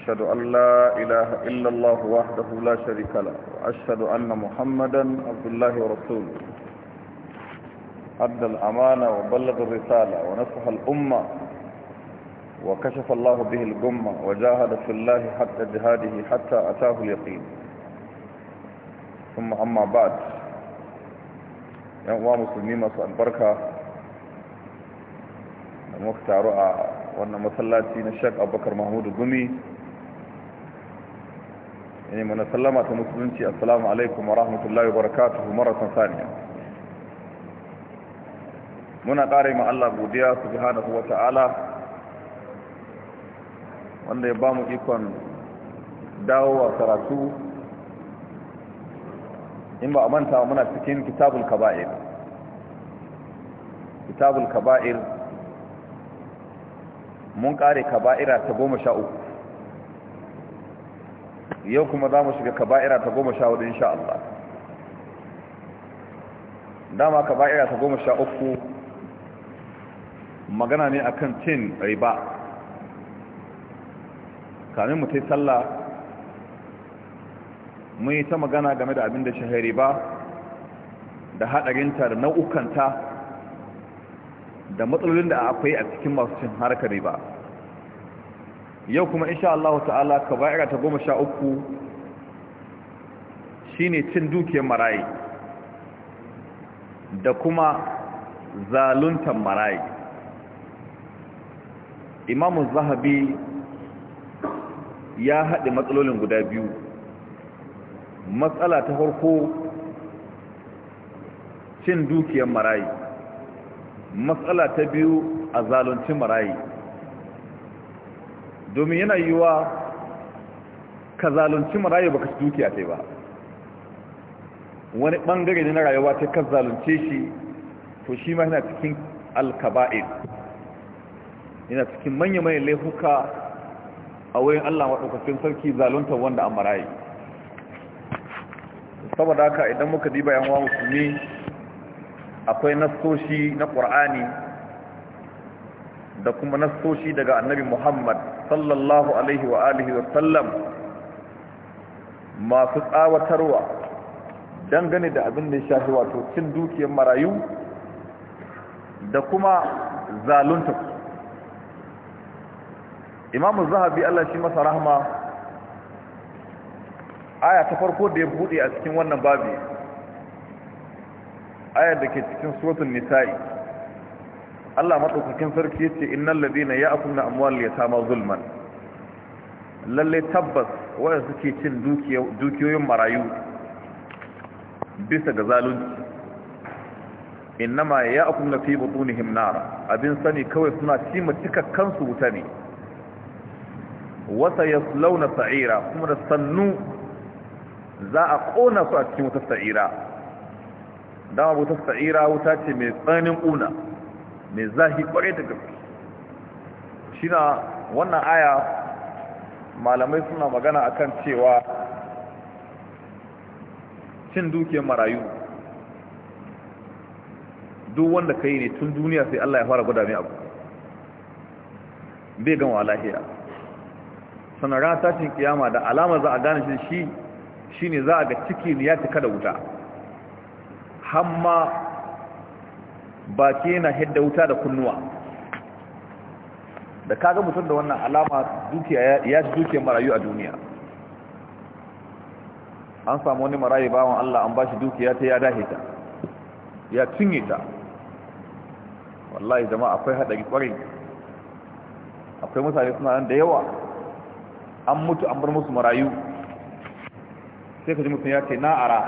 أشهد أن لا إله إلا الله وحده لا شريك له وأشهد أن محمدا عبد الله ورسوله أدى الأمانة وبلغ الرسالة ونصح الأمة وكشف الله به الجمة وجاهد في الله حتى جهاده حتى أتاه اليقين ثم أما بعد yan uwa musulmi masu albarka da muka taru a wannan masallaci na shek abubakar mahmudu gumi ne sallama ta musulunci assalamu alaikum wa rahmatullahi wa barakatuhu maratan saniya muna ƙare ma Allah godiya subhanahu wa ta'ala wanda ya bamu ikon dawowa karatu in ba a manta muna cikin kitabul kaba'ir kitabul kaba'ir mun ƙare kaba'ira ta goma sha uku yau kuma za mu shiga kaba'ira ta goma sha hudu insha Allah dama kaba'ira ta goma sha uku magana ne akan cin riba kamin mu tai sallah mun yi ta magana game da abin da shahari riba da haɗarinta da nau'ukanta da matsalolin da akwai a cikin masu cin harkar riba yau kuma insha Allah ta'ala kaba'ira ta goma sha uku shi ne cin dukiyar marayi da kuma zaluntar marayi imamu zahabi ya haɗe matsalolin guda biyu matsala ta farko cin dukiyar marayi matsala ta biyu a zaluncin marayi domin yana wa ka zalunci marayu baka dukiya ta ba wani bangare ne na rayuwa ta ka zalunce shi to shi ma yana cikin alkaba'in yana cikin manya-manyan laifuka a wurin Allah maɗaukacin sarki zalunta wanda an marayi saboda haka idan muka diba yan wa musulmi akwai nastoshi na ƙur'ani da kuma nastoshi daga annabi muhammad sallallahu alaihi wa alihi wa sallam masu tsawatarwa dangane da abin da ya shafi wato cin dukiyar marayu da kuma zalunta imamu zahabi Allah shi masa rahma aya ta farko da ya buɗe a cikin wannan babi aya da ke cikin suratul nisa'i Allah madaukakin sarki yace innal ladina ya'kuluna amwal yatama zulman lalle tabbas wanda suke cin dukiyoyin marayu bisa ga zalunci innama ya'kuluna fi butunihim nara abin sani kawai suna ci cikakkan su wuta ne wata yaslauna sa'ira kuma da sannu za a kona su a cikin wutar sa'ira dama wutar sa'ira wuta ce mai tsanin kuna mai zafi kwarai da gaske shi na wannan aya malamai suna magana akan cewa cin dukiyar marayu duk wanda ka yi ne tun duniya sai Allah ya fara gwada mai abu bai gama lahiya sana ran tashin kiyama da alama za a gane shi shi ne za a ga ciki ne ya cika da wuta hamma baki yana hidda wuta da kunnuwa da kaga mutum da wannan alama dukiya ya duke marayu a duniya an samu wani marayu bawan Allah an bashi dukiya ta ya dahe ta ya cinye ta wallahi jama'a akwai haɗari kwarin akwai mutane suna nan da yawa an mutu an bar musu marayu sai ka ji mutum ya ce na ara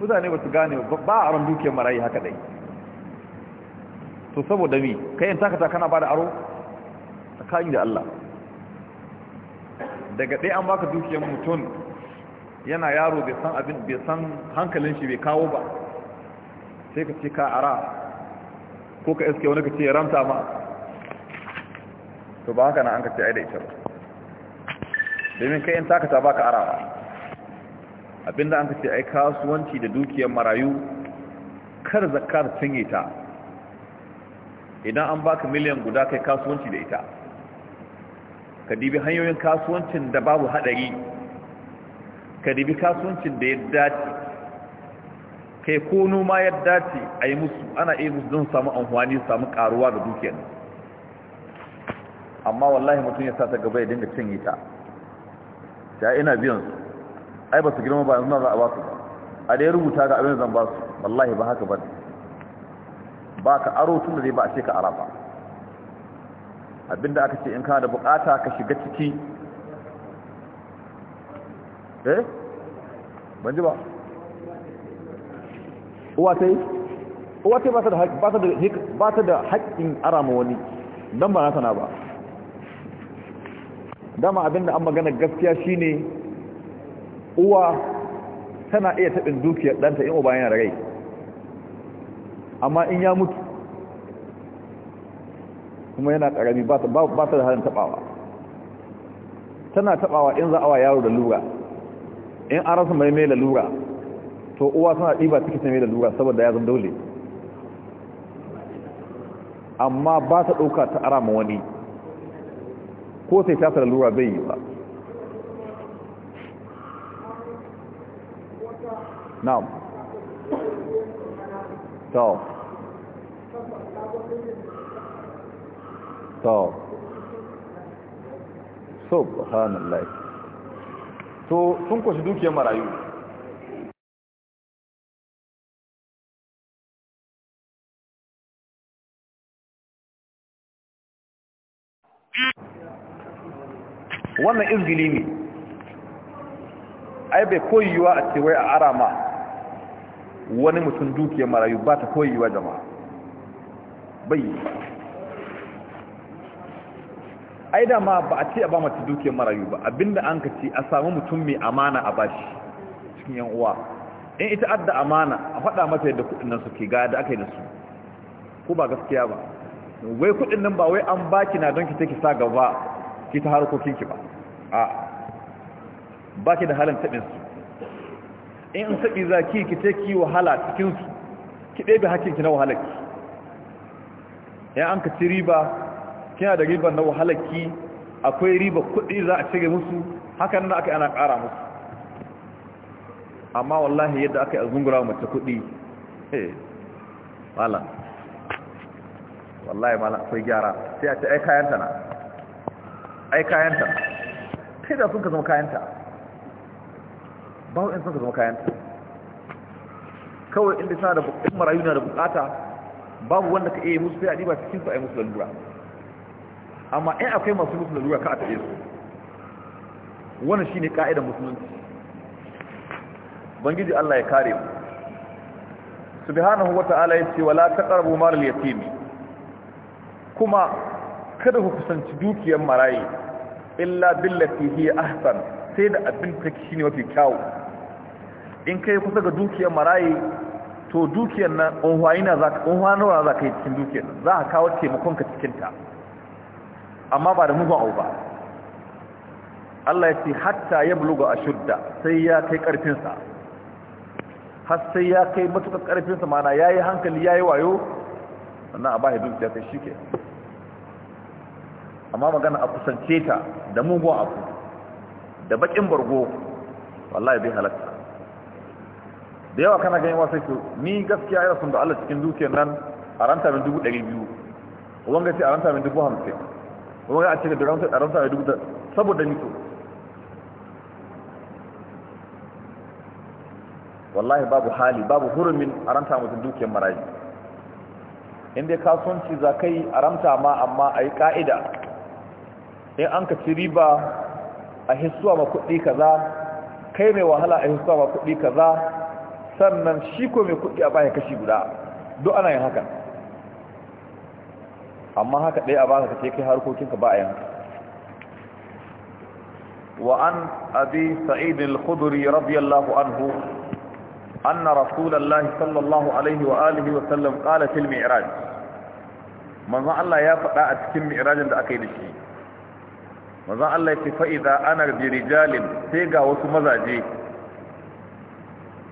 mutane ba su gane ba a aron dukiyar marayi haka dai to saboda mi kayan takata kana ba da aro tsakanin da Allah daga ɗaya an baka dukiyar mutum yana yaro bai san abin bai san hankalin shi bai kawo ba sai ka ce ka ara ko ka iske wani ka ce ramta ma to ba haka na an ka ce ai da ita domin kayan takata baka ara. abinda an kace ai kasuwanci da dukiyar marayu kar zakar cinye ta idan an baka miliyan guda kai kasuwanci da ita ka dibi hanyoyin kasuwancin da babu hadari ka dibi kasuwancin da ya dace kai ko noma ya dace a yi musu ana iya musu don samu amfani samu karuwa da dukiyar amma wallahi mutum ya sa ta gaba ya dinga cinye ta ta ina biyan ai ba su girma ba yanzu za a ba su ba a da ya rubuta ga abin zan ba su wallahi ba haka ba ba ka aro tun da zai ba a ce ka ara ba abinda aka ce in kana da bukata ka shiga ciki eh ban ji ba uwa ta yi uwa ta yi ba ta da haƙƙin arama wani don ba na sana ba dama abinda an magana gaskiya shine uwa tana iya taɓin dukiyar ɗanta in uba yana da rai amma in ya mutu kuma yana ƙarami ba ta da halin taɓawa tana taɓawa in za a wa yaro da lura in an rasa mai mai lura to uwa tana ɗiba take ta mai lura saboda ya zama dole amma ba ta ɗauka ta arama wani ko sai ta lura bai yi ba طب to to الله to sun kwashi dukiyar marayu wannan izgili ne ai bai koyuwa a cewai a arama wani mutum dukiyar marayu ba ta koyewa jama'a bai ai dama ba a ce a ba mace dukiyar marayu ba abinda an ka ce a samu mutum mai amana a bashi cikin yan uwa in ita adda amana a faɗa mata yadda kuɗin nan suke ga da aka yi da su ko ba gaskiya ba wai kuɗin nan ba wai an baki na don ki take sa gaba ki ta harkokin ki ba a baki da halin taɓin su in in saɓi zaki ki ce ki wahala cikinsu ki ɗebe hakinki na wahalarki ya an ka ci riba kina da riba na wahalarki akwai riba kuɗi za a cire musu hakan na aka ana ƙara musu amma wallahi yadda aka yi azungura zungura mace kuɗi malam wallahi malam akwai gyara sai a ce ai kayanta na ai kayanta sai da sun ka zama kayanta ba wa'in sun ka zama kayanta kawai inda suna da in marayu na da bukata babu wanda ka iya musu sai a ɗiba ba su a yi musu lalura amma in akwai masu musu lalura ka a taɓe su wannan shine ka'idar musulunci bangiji Allah ya kare mu Su subhanahu wata'ala ce, wala ta ƙarar al-yatim kuma kada ku kusanci dukiyar marayi illa billafi hiya ahsan sai da abin take ne mafi kyau in kai kusa ga dukiyar maraye to dukiyar nan unhwayina za ka za ka yi cikin dukiyar za ka kawo taimakonka cikinta amma ba da mugun abu ba Allah ya ce hatta ya buluga a shudda sai ya kai ƙarfinsa har sai ya kai matuƙar ƙarfinsa mana ya yi hankali ya yi wayo sannan a ba duk dukiya kai shi ke amma magana a kusance ta da mugun abu da baƙin bargo wallahi bai halatta da yawa kana ganin wasu ke ni gaskiya yau sun da Allah cikin dukiyar nan a ranta min dubu ɗari biyu wanga ce a ranta min dubu hamsin wanga a cikin da ranta a ranta min dubu da saboda ni wallahi babu hali babu hurumin a ranta mutum dukiyar marayi inda kasuwanci za ka yi a ranta ma amma a yi ƙa'ida in an ka ci riba a hisuwa ma kuɗi kaza kai mai wahala a hisuwa ma kuɗi kaza sannan shi ko mai kudi a baya kashi guda duk ana yin haka amma haka dai a baka kace kai harkokinka ba a yin wa an abi sa'id al-khudri radiyallahu anhu anna rasulullahi sallallahu alaihi wa wa sallam qala fil mi'raj manzo Allah ya faɗa a cikin mi'rajin da aka yi dashi manzo Allah ya ce fa ana bi rijalin sai ga wasu mazaje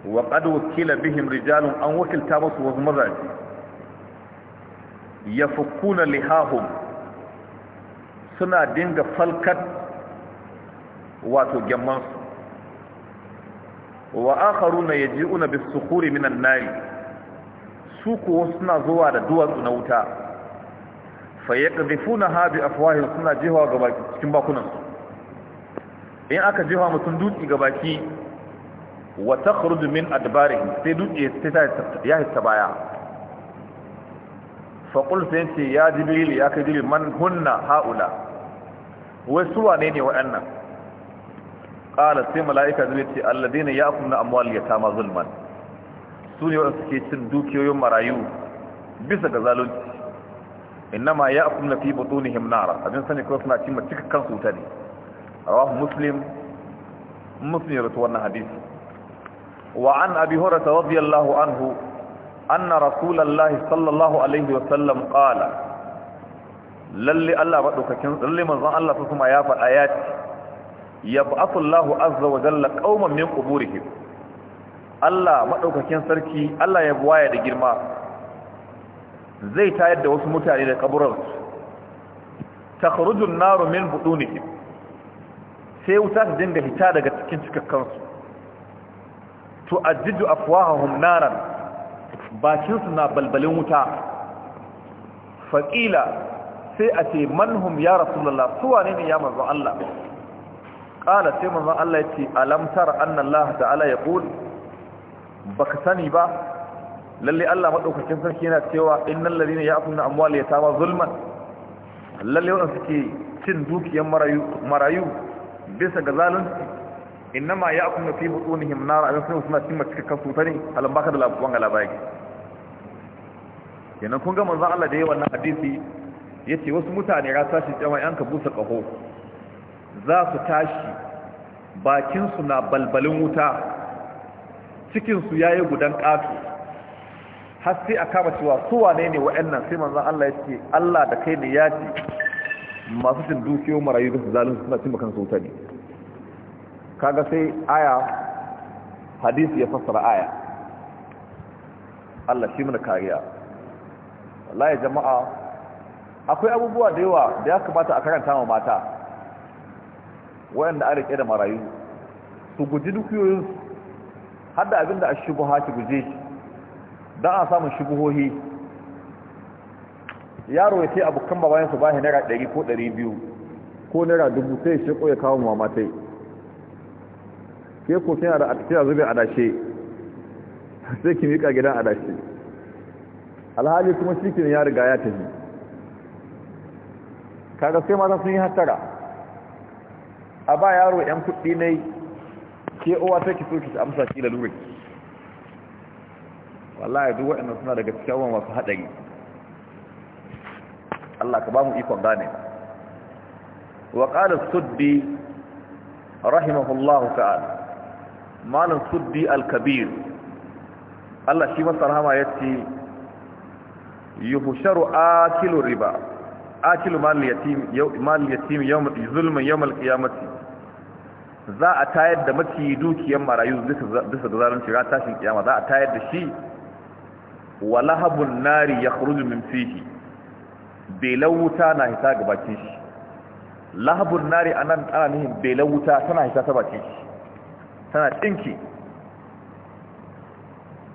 wa qad wukila bihim rijalun an wakilta musu wasu mazaji fukuna lihahun. suna dinga falkat wato gyamman su wa akharuna yaji'una bis-sukhuri minan nari su kuwa suna zuwa da duwatsu na wuta fayyadifuna ha a afwahihim suna jihawa cikin bakunan in aka jihawa mutum dutse ga baki wa takhruju min adbarihi sai dutse sai ya hissa baya fa sai ce ya jibril ya kai jibril man hunna haula wai su wane ne waɗannan qala sai malaika zai ce alladina ya'kuluna amwal yatama zulman su ne wanda suke cin dukiyoyin marayu bisa ga zalunci ya ya'kuluna fi butunihim nara abin sani ko suna cimma cikin kansu ta ne rawahu muslim muslim ya rawaito wannan hadisi وعن أبي هريرة رضي الله عنه أن رسول الله صلى الله عليه وسلم قال للي الله بدكين للي من الله ثم يا فآيات يبعث الله عز وجل قوما من قبورهم Allah maɗaukakin sarki Allah ya waye da girma zai tayar da wasu mutane da kaburarsu ta karujun naro min buɗu sai wuta ta dinga hita daga cikin cikakkansu ajiju afwahahum naran bakin su na balbalin wuta faqila sai a ce manhum ya rasulullah su wane ne ya manzo Allah qala sai manzo Allah yace alam tara anna Allah ta'ala yaqul baka sani ba lalle Allah madaukakin sarki yana cewa innal ladina ya'kuluna amwal yatama zulman lalle wannan suke cin dukiyar marayu marayu bisa ga zalunci innama ya akuna fi butunihim nar abin sai suna cimma cikin kasu tare ne baka da wanga labari kenan kun ga manzo Allah da yayi wannan hadisi yace wasu mutane ra tashi 'yan ka busa kaho za su tashi bakin su na balbalin wuta cikin su yayi gudan kafi har sai aka ba cewa su wane ne wa'annan sai manzo Allah yace Allah da kai ne ce. masu cin marayu da zalunci suna cimma kansu ta kaga sai aya hadisi ya fassara aya Allah shi mana kariya wallahi jama'a akwai abubuwa da yawa da ya kamata a karanta wa mata wayanda an rike da marayu su guji duk yoyin hadda abinda a ha ki guje shi dan a samu shigohohi yaro ya abukan abokan babayensu ba shi naira 100 ko 200 ko naira dubu, sai shi ko ya kawo mamatai ke ko kina da kina zube a dashe sai ki mika gidan a dashe alhali kuma shikin ya riga ya tafi kaga sai mata sun yi hattara a ba yaro yan kuɗi ne ke uwa sai ki so ki amsa ki da lura wallahi duk waɗannan suna daga cikin masu haɗari Allah ka ba mu ikon gane wa qala suddi rahimahullahu ta'ala malin suddi al-kabir Allah shi masa rahama yace a akilu riba akilu mal yatim yau yatim yawm zulmun ya al za a tayar da yi dukiyar marayu duka da shiga tashin kiyama za a tayar da shi wa lahabun nari yakhruju min fihi belan wuta na hita ga bakin shi lahabun nari nan ana nihin belan wuta tana hita ta bakin shi tana tsinki.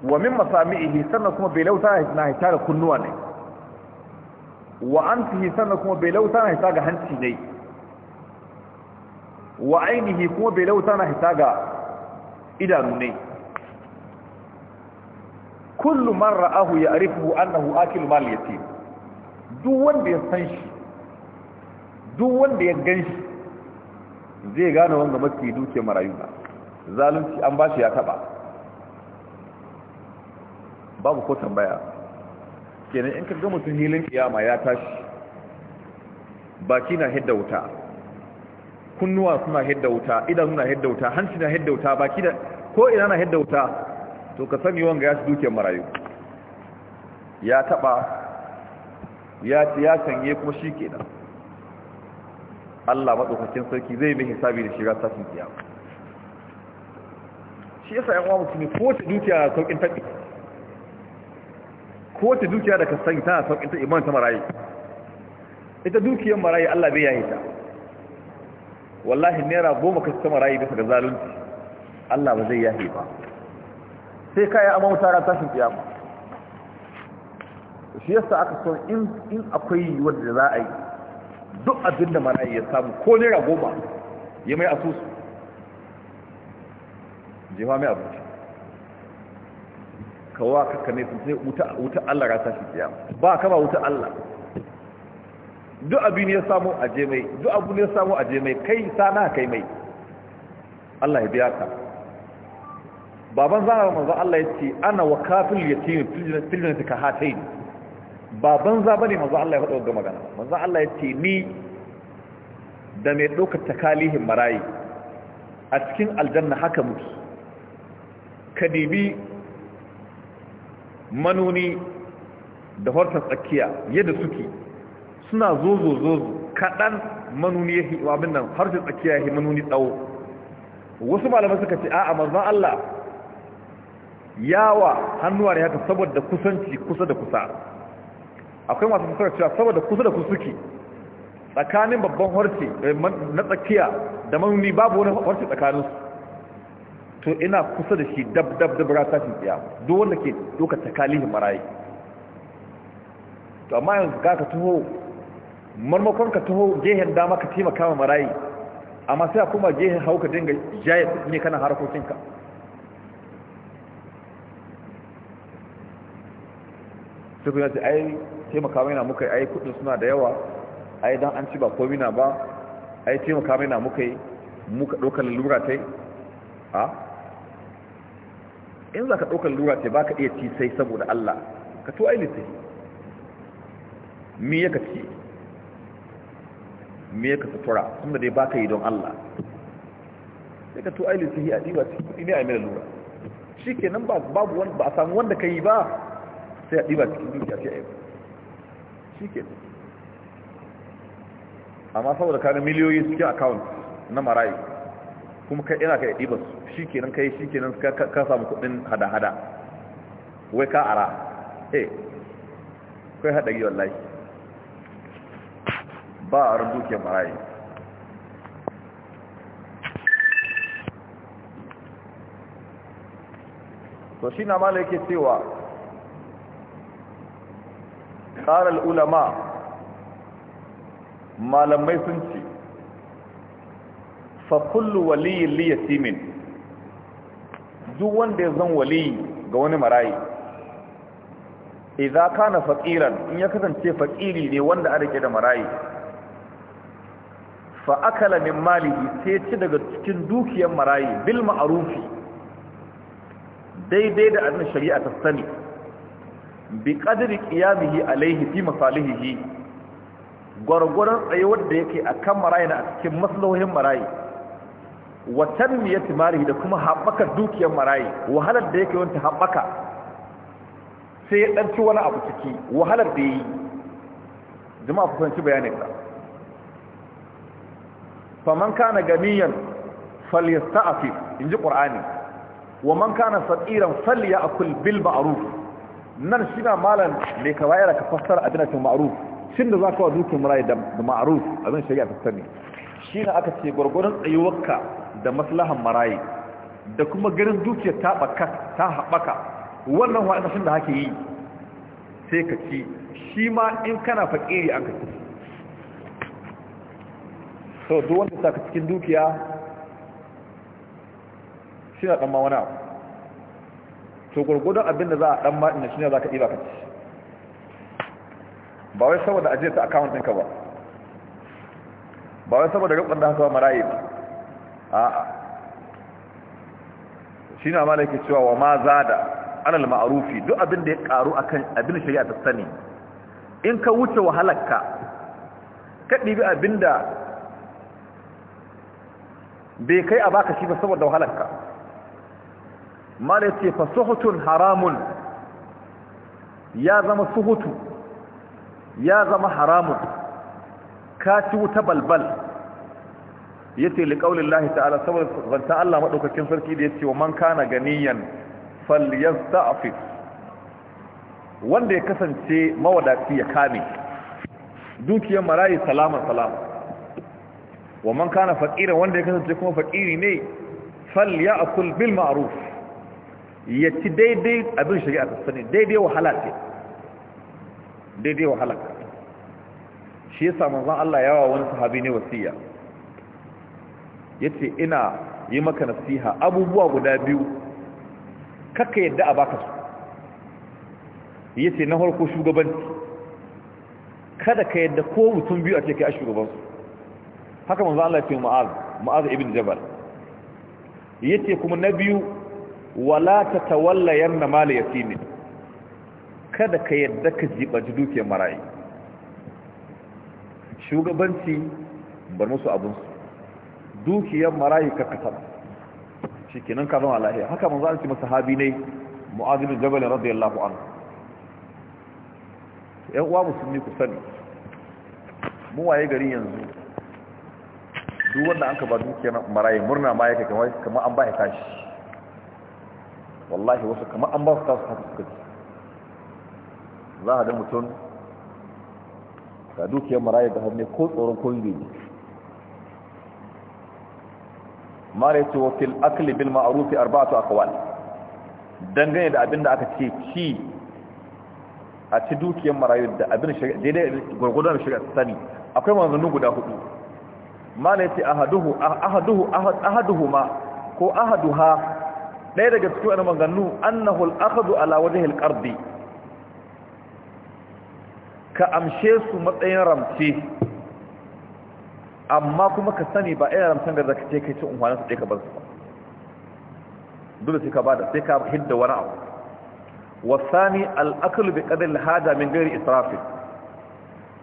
wa min masami'ihi sannan kuma bai lauta na hita da kunnuwa ne wa antihi sanna kuma bai lauta na hita ga hanci ne wa ainihi kuma bai lauta na hita ga idanu ne kullu man ra'ahu ya'rifu annahu akilu mal yatim duk wanda ya san shi duk wanda ya gan shi zai gane wanda mafi duke marayu ba zalunci an ba shi ya taba babu ko tambaya kenan in ka ga mutum hilin kiyama ya tashi baki na hidda wuta kunnuwa suna hidda wuta idanu na hidda wuta hanci na hidda wuta baki da ko ina na hidda wuta to ka sani wanga ya shi dukiyar marayu ya taba ya ya canye kuma shi kenan Allah madaukakin sarki zai mai hisabi da shiga sasin kiyama shi yasa yan uwa musulmi ko ta dukiya da saukin taɓi ko ta dukiya da ka sani tana saukin ta iman ta marayi ita dukiyar marayi Allah bai yayi ta wallahi naira goma kasu ta marayi bisa ga zalunci Allah ba zai yahi ba sai kaya amma mutara tashin kiyama shi yasa aka so in in akwai wanda za a yi duk abin da marayi ya samu ko naira goma ya mai asusu jefa mai abinci kawo kakka ne sun sai wuta Allah rata shi biya ba ka ba wuta Allah duk ne ya samu a jemai. mai duk ne ya samu a jemai. kai sana kai mai Allah ya biya ka baban zana manzo Allah ya ce ana wa kafil yatim fil jannati ka hatain baban za ne manzo Allah ya faɗa ga magana manzo Allah ya ce ni da mai ɗaukar takalihin marayi a cikin aljanna haka mutu Kadibi, Manuni, da horta tsakiya yadda suke suna zozo zozo kaɗan manuni ya yi abin nan harshen tsakiya ya yi tsawo wasu malamai suka ce a'a manzan Allah yawa hannuwa ne haka saboda kusanci kusa da kusa akwai masu suka cewa saboda kusa da kusa suke tsakanin babban harshe eh, na tsakiya da manuni babu wani harshe tsakaninsu to ina kusa da shi dab dab dab rata shi tsiya duk wanda ke doka takalihin marayi to amma yanzu ga ka taho marmakon ka taho gehen dama ka taimaka ma marayi amma sai a kuma gehen hau ka dinga jaye ne kana harkokinka sai kuma ce ai taimaka mai na muka ai kudin suna da yawa ai dan an ci ba komi na ba ai taimaka mai na muka yi muka ɗaukar lura ta yi in za ka ɗaukar lura ce ba ka iya ci sai saboda Allah ka to ai littafi me ya ka ci me ya ka sutura Kuma dai ba ka yi don Allah sai ka to ai littafi a ɗiba cikin kuɗi ne a mai lura shi ke nan babu wani ba a samu wanda ka yi ba sai a ɗiba cikin dukiya sai a yi shi ke amma saboda ga miliyoyi cikin akawunt na marayu kuma kai ina ka yi ɗiba su shikenan kai shikenan ka samu kudin hada-hada wai ka ara eh kai haɗari wallahi ba a ran dukiyar marayi to shi na mala yake cewa ƙara ulama malamai sun ce fa kullu waliyin Simin. duk wanda ya zan wali ga wani marayi idza kana faqiran in ya kasance faqiri ne wanda a rike da marayi fa akala min malihi sai ci daga cikin dukiyar marayi bil ma'rufi daidai da annabi shari'a ta sani bi qadri qiyamihi alaihi fi masalihihi gwargwaron tsaye wanda yake a akan marayi na cikin maslahohin marayi wa tanmiyati malihi da kuma haɓaka dukiyar marayi wahalar da yake wanta haɓaka sai ya ɗanci wani abu ciki wahalar da yi jama'a ku sanci bayanin ka faman kana ganiyan in ji qur'ani wa man kana faqiran falyakul bil ma'ruf nan shi na malan me ka bayar ka fassara abin da ma'ruf shin da zaka wa dukiyar marayi da ma'ruf abin shari'a ta sani shi ne aka ce gwargwaron tsayuwarka da maslahan maraye da kuma ganin dukiyar ta haɓaka wannan waɗannan da haka yi sai ka ci shi ma in kana faƙiri an ka ci so duk wanda sa ka cikin dukiya shi na ɗanma wani abu to gwargwadon abin da za a ɗanma ina shi ne za ka ba ka ci ba wai saboda ajiyar ta ɗinka ba ba wai saboda rikon da haka marayi ba a'a shi na malaki cewa wa ma zada alal ma'arufi duk abin da ya karu akan abin shari'a ta sani in ka wuce wahalarka ka ɗibi abin da bai kai a baka shi ba saboda wahalarka ce fa suhutun haramun ya zama suhutu ya zama haramun ka ci wuta balbal ya ce liƙaunin lahi ta'ala saboda zanta Allah maɗaukakin sarki da ya ce wa man kana ganiyan falyar sa'afis wanda ya kasance mawadaci ya kame dukiyar marayi salaman salama wa man kana faƙirin wanda ya kasance kuma faƙiri ne falya a bil ma'aruf ya ci daidai abin shari'a ta sani daidai wahala ce daidai wahala shi yasa manzon Allah yawa wani sahabi ne wasiya yace ina yi maka nasiha abubuwa guda biyu kaka yadda a baka su yace na farko shugabanci kada ka yadda ko mutum biyu a ce kai a shugaban su haka manzon Allah ya ce mu'az mu'az ibn jabal yace kuma na biyu wala tatawallayanna mal yatimin kada ka yadda ka jiba dukiyar marayi shugabanci bar musu abinsu dukiyar marayu karkatar shi kenan ka zama a haka manzo an ci masa habi ne mu'azinin jabalin radiyar lafu'an yan uwa musulmi ku sani mu waye gari yanzu duk wanda an ka ba dukiyar marayu murna ma yake kamar kama an ba ya tashi wallahi wasu kama an ba su tasu haka suka za a da mutum ka dukiyar maraya da hannu ko tsoron kulli ne mara yace wa fil akli bil ma'ruf arba'atu aqwal dangane da abinda aka ce ci a ci dukiyar marayu da abin da daidai gurgurdan shari'a sani akwai manzanni guda hudu mala yace ahaduhu ahaduhu ma ko ahaduha ɗaya daga cikin manzannu annahu al-akhdhu ala wajhi al-qardi ka amshe su matsayin ramce amma kuma ka sani ba irin ramcen da zaka ce kai ci unhwanin su ɗaya ka bar su ba dole sai ka bada sai ka hidda wani abu wasani al'akalu bi qadar lahaja min gari israfi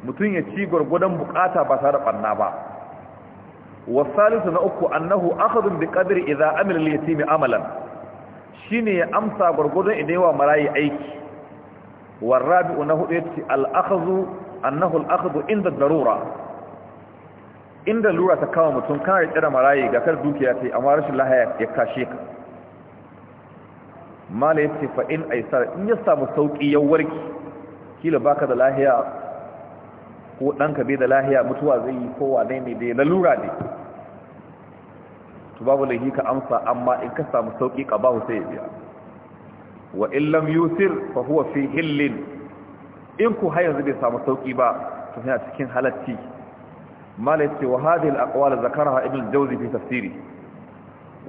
Mutum ya ci gwargwadon bukata ba tare da banna ba wasalisu na uku annahu akhadhu bi qadri idha amila al-yatim amalan shine ya amsa gwargwadon idan yawa marayi aiki والرابع انه أنه الاخذ انه الاخذ عند الضروره عند الضرورة تكاوم تنكار إرى مرايي قتل دوكياتي أمارش الله يكاشيك ما ليبتي فإن أيسار إن يستعب السوكي يورك كيلو باك ذا لاهيا ko ɗanka bai da lahiya mutuwa zai yi kowa ne ne dai lalura ne to babu lahi ka amsa amma in ka samu sauƙi ka ba sai ya biya wa illam yusir fa huwa fi hillin in ku har yanzu bai samu sauki ba to yana cikin halatti mala yace wa hadhihi al-aqwal zakaraha ibn jawzi fi tafsiri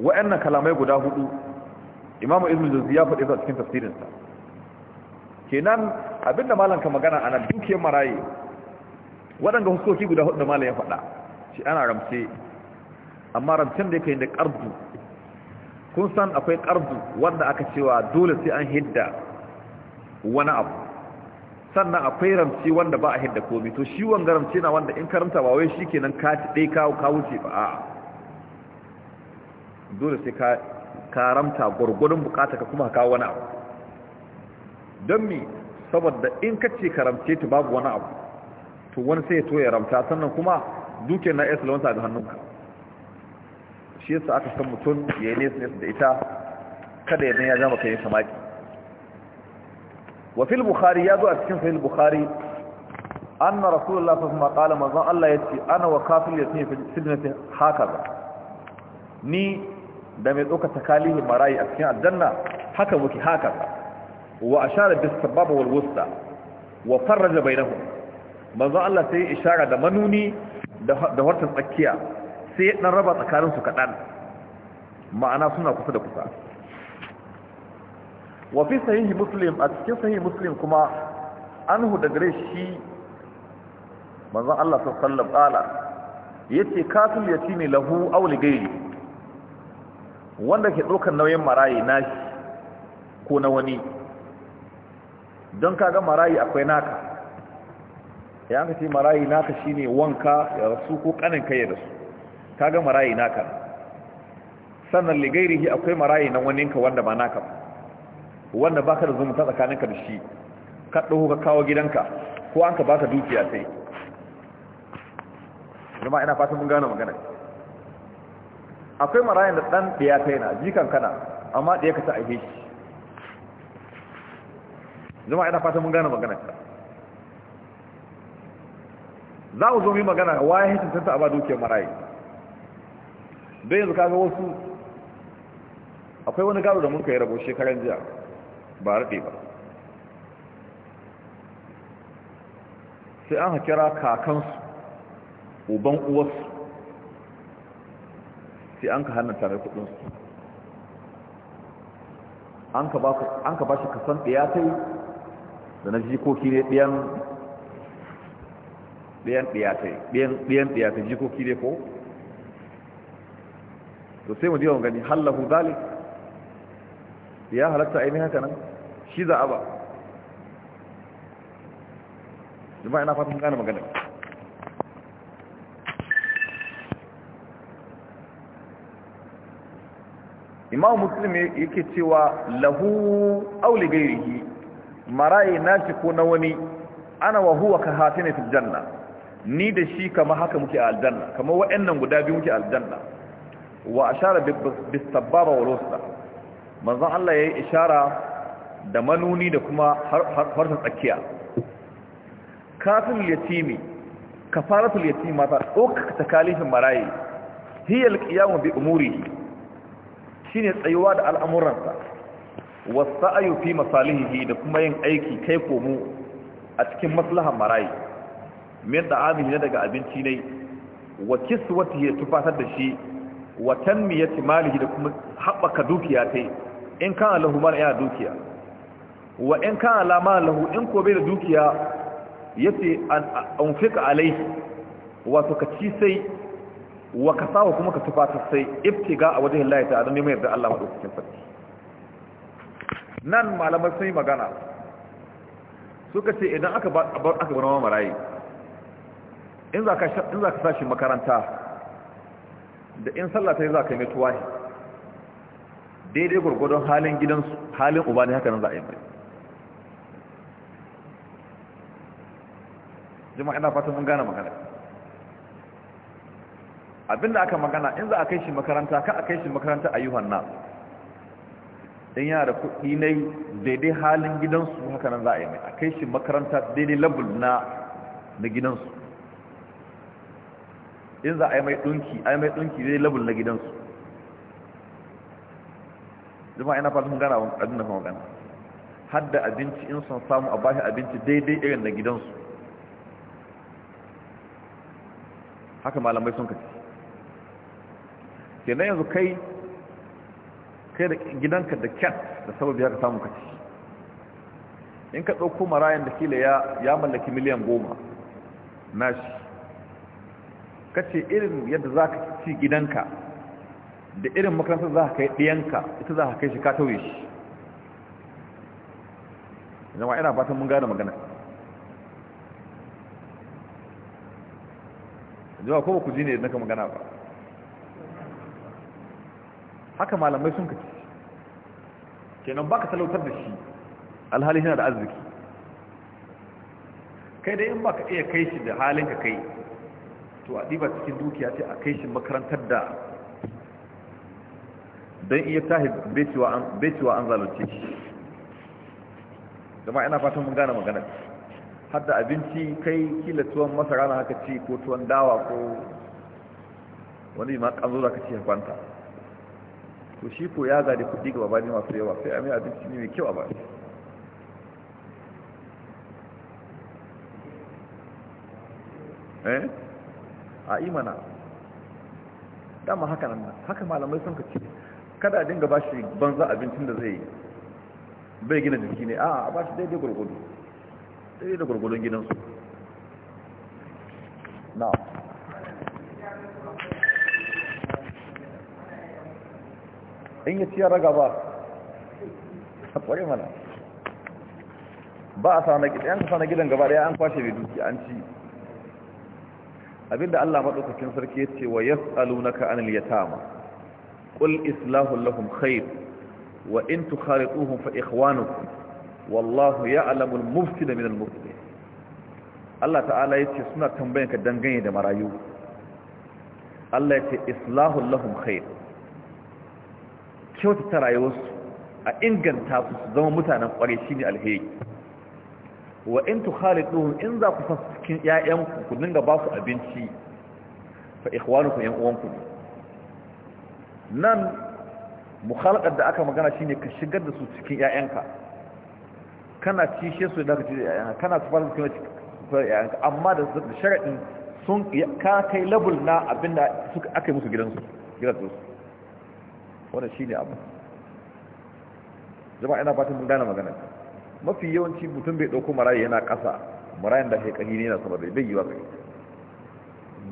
wa'annan kalamai guda hudu imamu ibn jawzi ya faɗi su cikin tafsirin sa kenan abinda malanka magana ana dukiyar maraye waɗanda huskoki guda hudu da malan ya faɗa shi ana ramce amma ramcen da yake da ƙarfi kun san akwai ƙardu wanda aka cewa dole sai an hidda wani abu sannan akwai ramci wanda ba a hidda komi to shi wanga ramci na wanda in karanta ba wai shi kenan kaci ɗai kawo kawo wuce ba a dole sai ka ramta gwargwadon bukata ka kuma kawo wani abu don mi saboda in ka ce karamce ta babu wani abu to wani sai ya to ya ramta sannan kuma duke na ya salwanta ga hannunka shi yasa aka san mutum ya yi nesa da ita kada ya ya zama kai samaki wa fil bukhari ya zo a cikin sahih bukhari anna rasulullah sallallahu alaihi wasallam qala Allah yace ana wa kafil yatim fi sijnati hakaza ni da mai tsoka takalihi marayi a cikin aljanna haka muke hakaza wa ashara bis sababa wal wusta wa farraja bainahum manzon Allah sai ishara da manuni da da tsakiya sai ya ɗan raba tsakanin su kaɗan ma'ana suna kusa da kusa wafi sahihi muslim a cikin sahihi muslim kuma an hu gare shi manzan Allah sallar tsala. ya ce kafin ya ci ne lahu auli gairi wanda ke ɗaukar nauyin marayi na shi ko na wani don kaga marayi akwai naka ya ce marayi naka shine wanka ya rasu ko kanin kai ya rasu ga marayi naka sannan ligairihi akwai marayi na waninka wanda ba naka wanda baka da zumunta tsakaninka da shi ka ɗauko ka kawo gidanka ko an ka baka dukiya sai zama ina fatan mun gane magana akwai marayi da ɗan ɗaya ta yana jikan kana amma ɗaya ka ta aihe shi zama ina fatan mun gane magana za mu zo mu yi magana waye hitin tanta a ba dukiyar marayi don yanzu kaga wasu akwai wani gado da mun kai rabo shekaran jiya ba raɗe ba sai an hakira kakansu uban uwarsu sai an ka hannun tare kudinsu an ka ba shi kasan ɗiyatai da na jikoki ne ɗiyan ɗiyatai ɗiyan ɗiyatai jikoki ne ko to sai mu je mu gani hallahu zalik ya halatta ainihin haka nan shi za a ba jama'a ina fatan gane magana imam muslim yake cewa lahu auli gairihi marayi nashi ko na wani ana wa huwa ka hatina fi janna ni da shi kama haka muke a aljanna kama wa'annan guda biyu muke a aljanna wa ashara bisabbaba wal wusta manzon Allah yayi ishara da manuni da kuma harfar tsakiya kafin yatimi kafaratul yatima ta dokka takalifin marayi hiya alqiyamu bi umurihi shine tsayuwa da al'amuransa wasa'ayu fi masalihihi da kuma yin aiki kai komo a cikin maslahar marayi min da'amihi daga abinci ne wa kiswatihi tufatar da shi wa tanmiyati malihi da kuma haɓaka dukiya tai in kana lahu mal ya dukiya wa in kana la mal in ko bai da dukiya yace an anfika alaihi wato ka ci sai wa ka sawa kuma ka ta sai ibtiga a wajen Allah ta ne mai yarda Allah cikin sarki nan malamar sun yi magana suka ce idan aka bar aka bar marayi in za ka in za ka sashi makaranta da in sallah ta yi za ka mai tuwahi daidai gwargwadon halin gidansu halin uba ne haka nan za a yi mai jama'a ina fatan mun gane magana abinda aka magana in za a kai shi makaranta ka a kai shi makaranta ayyuhan na in yana da kuɗi na daidai halin gidansu haka nan za a yi mai a kai shi makaranta daidai labul na gidansu in za a yi mai ɗunki a yi mai ɗunki zai labul na gidansu zama ina fatan gana wa abin da kuma gana hadda abinci in son samu a bashi abinci daidai irin na gidansu haka malamai sun kaci na yanzu kai kai da gidanka da kyan da sababi haka samun kaci in ka ɗauko marayan da kila ya mallaki miliyan goma na shi. kace irin yadda za ka ci gidanka da irin makarantar za ka kai ɗiyanka ita za ka kai shi ka tauye shi zama ina fatan mun gane magana jawa ko ku ji ne naka magana ba haka malamai sun kaci kenan baka talautar da shi alhali yana da arziki kai da in baka iya kai shi da halin ka kai to a ɗiba cikin dukiya ce a kai shi makarantar da don iya tahi becewa an zalunce shi zama ina fatan mun gane magana hadda abinci kai kila tuwon masara na haka ci ko tuwon dawa ko wani ma ƙanzo da ka ci kwanta to shi ko ya gadi kuɗi ga babani masu yawa sai a mai abinci ne mai kyau a bani eh a imana dama haka nan haka malamai sun ka ce kada a dinga bashi banza abincin da zai bai gina jiki ne a a bashi daidai gurgudu daidai da gurgudun gidansu na in yi ciyar raga ba a kwari mana ba a sa na gidan gaba daya an kwashe mai duki an ci abinda Allah madaukakin sarki yace wa yas'alunaka anil yatama qul islahu lahum khair wa in tukharituhum fa ikhwanukum wallahu ya'lamu al-mufsida min al-muslih Allah ta'ala yace suna tambayanka dangane da marayu Allah yace islahu lahum khair kyautata rayuwarsu a inganta su zama mutanen kware shine alheri wa in tukhaliduhum in za ku fasikin yayanku ku dinga ba su abinci fa ikhwanukum 'yan uwanku nan mukhalaqat da aka magana shine ka shigar da su cikin yayanka kana cishe su da cikin yayanka kana tsafar su cikin 'ya'yanka amma da sharadin sun ka kai level na abinda suka aka yi musu gidansu gidansu wannan shine abu jama'a ina fatan mun gane magana mafi yawanci mutum bai dauko marayi yana kasa marayin da kai ƙani ne yana sama bai yi wasa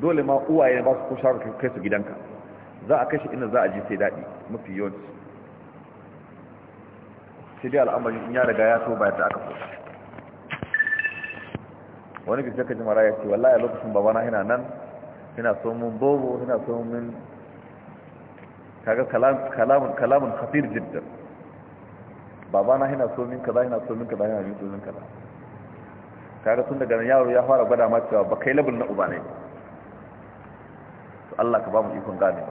dole ma uwaye ba su kusa kai su gidanka za a kashi inda za a ji sai daɗi mafi yawanci sai dai al'amari in ya riga ya so bayan da aka so wani bisa ka ji maraya ce wallahi lokacin babana yana nan yana so mun bobo yana so mun kaga kalamun kafir jiddan Baba na yana so min kaza yana so min kaza yana so min kaza kaga tun daga yaro ya fara gwada ma cewa ba kai labin na uba ne to Allah ka ba mu ikon gane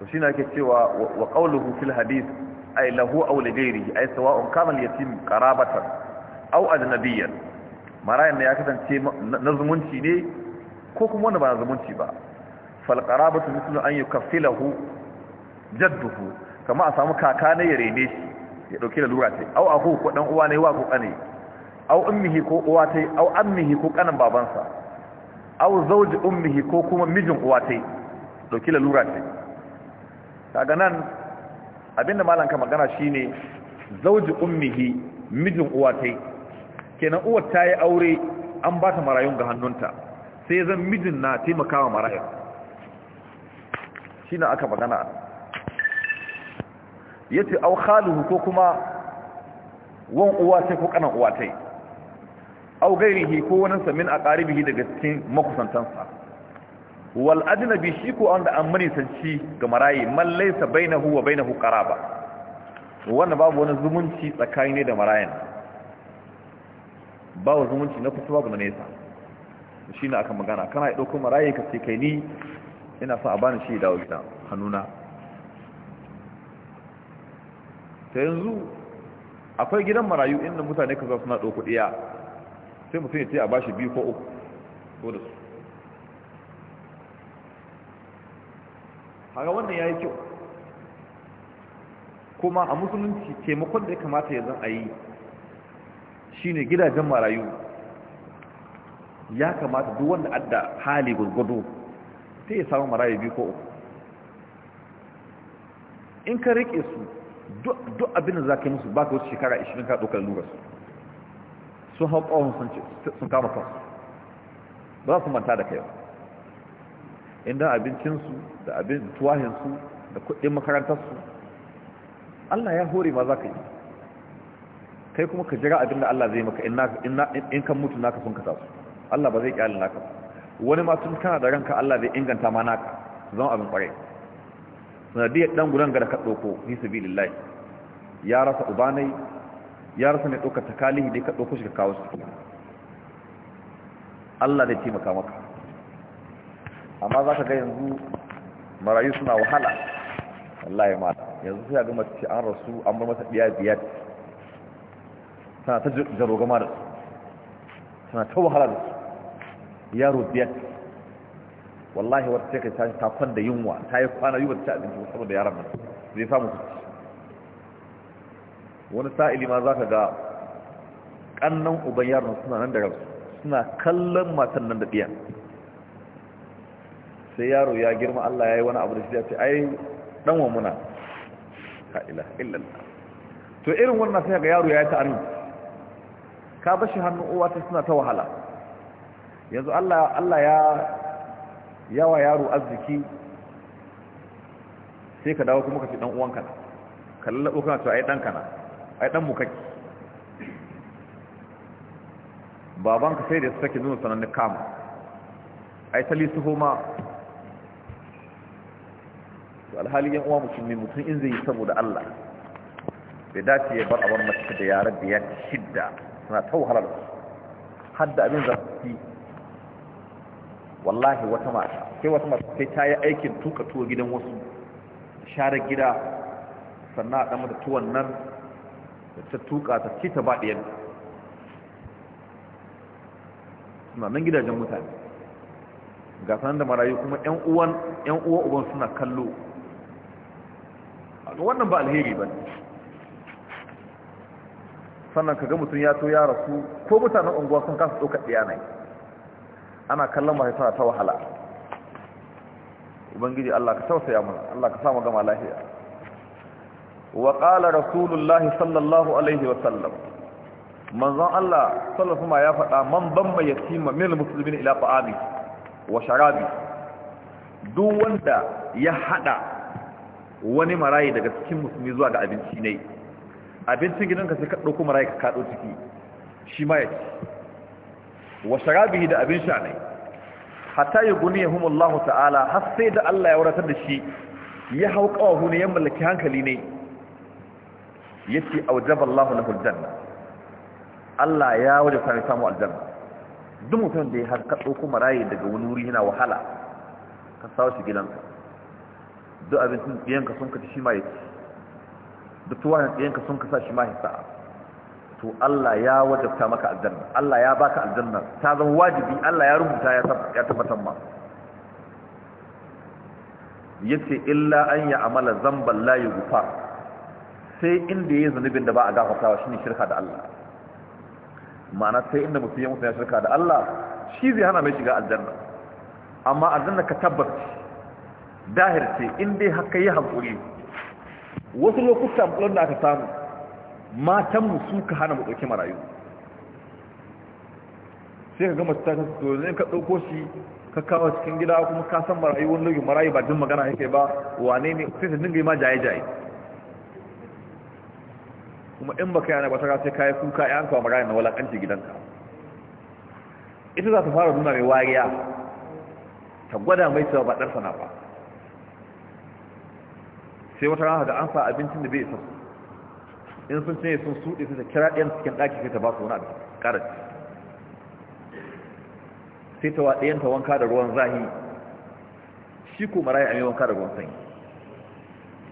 to shine ake cewa wa qawluhu fil hadith ay lahu aw li ghayrihi ay sawa'un kana yatim qarabatan aw adnabiyan marayan ne ya kasance na zumunci ne ko kuma wanda ba na zumunci ba fal qarabatu mithlu an yukaffilahu jadduhu kama a samu kaka ne ya rene shi ya da lura ce au ahu ko dan uwa ne wa ko kane au ummihi ko uwa tai au ammihi ko kanin babansa au zauji ummihi ko kuma mijin uwa tai da lura ce kaga nan abinda malam ka magana shine zauji ummihi mijin uwa tai kenan uwa ta yi aure an ba ta marayun ga hannunta sai zan mijin na taimakawa marayun shine aka magana yace ce khaluhu ko kuma wan uwa sai ko kanan uwa tai au gairihi ko wani sa min aqaribihi daga cikin makusantansa wal ajnabi shi ko wanda an ci ga marayi man laysa bainahu wa bainahu qaraba wannan babu wani zumunci tsakani ne da marayan babu zumunci na kusa babu na nesa shi ne aka magana kana ya ɗauko marayi ka ce kai ni ina son a bani shi dawo gida hannuna ta yanzu akwai gidan marayu inda mutane kaza suna kuɗi ya sai mutum ya ce a bashi biyu ko uku ko da su haka wannan ya yi kyau kuma a musulunci taimakon da ya kamata yanzu a yi shi ne gidajen marayu ya kamata duk wanda adda hali gurgudu sai ya samu marayu biyu ko uku in ka riƙe su duk abin da za ka yi musu ba ka wuce shekara 20 ka ɗaukar lura su sun hau ƙawon sun kama kansu ba za su manta da kayan inda abincinsu da abin tuwahinsu da kuɗin makarantarsu Allah ya hore ma za ka yi kai kuma ka jira abin da Allah zai maka in kan mutu naka sun kasa su Allah ba zai ƙyalin naka wani ma tun kana da ranka Allah zai inganta ma naka zama abin ƙwarai sanadiyar dan gudan gara ka ɗauko fi sabilillahi ya rasa ubanai ya rasa mai ɗaukar takalihi ya ka ɗauko shi ka kawo shi Allah zai taimaka maka amma za ka ga yanzu marayu suna wahala Allah ya mata yanzu sai ga mace an rasu an bar mata biya biyar tana ta jaro gamar da su ta wahala da su yaro biyar wallahi wata sai kai tashi takon da yunwa ta yi kwana yi wata abinci ba saboda yaran nan zai samu su wani sa'ili ma za ka ga ƙannan uban yaran suna nan da ransu suna kallon matan nan da ɗiyan sai yaro ya girma Allah ya yi wani abu da shi ya ce ai ɗan wa muna ka'ila illallah to irin wannan sai ga yaro ya yi ta'arin ka bashi hannun uwa ta suna ta wahala yanzu Allah ya yawa yaro arziki sai ka dawo kuma ka fi dan uwanka na ka lallabo kana cewa ai dan kana ai dan mu kake baban ka sai da sake nuna sanannu kama ai tali su homa to alhali yan uwa mutum ne mutum in zai yi saboda Allah bai dace ya bar a wani mace da yaran da ya shidda suna ta wahalar hadda abin zafi wallahi wata mata sai wata mata sai ta yi aikin tuka tuwa gidan wasu share gida sannan a ɗan da tuwon nan da ta tuka ta ci ta baɗiyar suna nan gidajen mutane ga sanar da marayu kuma 'yan uwan uwa uban suna kallo wannan ba alheri ba sannan ka ga mutum ya to ya rasu ko mutanen unguwa sun kasa ɗaukar ɗiyanai ana kallon mace tana ta wahala ubangiji Allah ka tausaya mana Allah ka sa mu gama lafiya wa qala rasulullahi sallallahu alaihi wa sallam manzo Allah sallallahu ma ya faɗa man ban bamma yatima min muslimin ila ta'ami wa sharabi duk wanda ya hada wani marayi daga cikin musulmi zuwa ga abinci ne abincin gidanka sai ka dauko marayi ka kado ciki shi ma ya ci wa sharabihi da abin sha ne hatta ya Allahu ya ta'ala har sai da Allah ya wadatar da shi ya hauka wa ne ya mallaki hankali ne yace awjaba Allahu lahu na Allah ya wajen sami samu aljanna duk mutum da ya har ka kuma marayi daga wani wuri yana wahala ka sawo shi gidanka duk abincin ɗiyanka sun ka ci shi ma ya duk tuwa ɗiyanka sun ka sa shi ma ya sa'a to Allah ya wajabta maka aljanna Allah ya baka aljanna ta zama wajibi Allah ya rubuta ya tabbatar ma yace illa an ya amala zamban la yughfar sai inda yayi zanubin da ba a gafartawa shine shirka da Allah ma'ana sai inda mutum ya mutu ya shirka da Allah shi zai hana mai shiga aljanna amma aljanna ka tabbata dahir ce in dai haka yi hakuri wasu lokutan da aka samu matanmu su ka hana mu ɗauki marayu sai ka gama ta to ne ka ɗauko shi ka kawo cikin gida kuma ka san marayu wani lagin marayu ba jin magana yake ba wane ne sai ta dinga yi ma jaye-jaye kuma in baka yana ba sai sai yi kuka yan kawo marayu na walakanci gidanka ita za ta fara nuna mai wariya ta gwada mai cewa ba ɗansa na ba sai wata rana da an sa abincin da bai isa su in sun ce sun suɗe su da kira ɗayan cikin ɗaki sai ta ba su wani abu ƙarar sai ta wa ɗayan ta wanka da ruwan zahi shi ko maraya a yi wanka da ruwan sanyi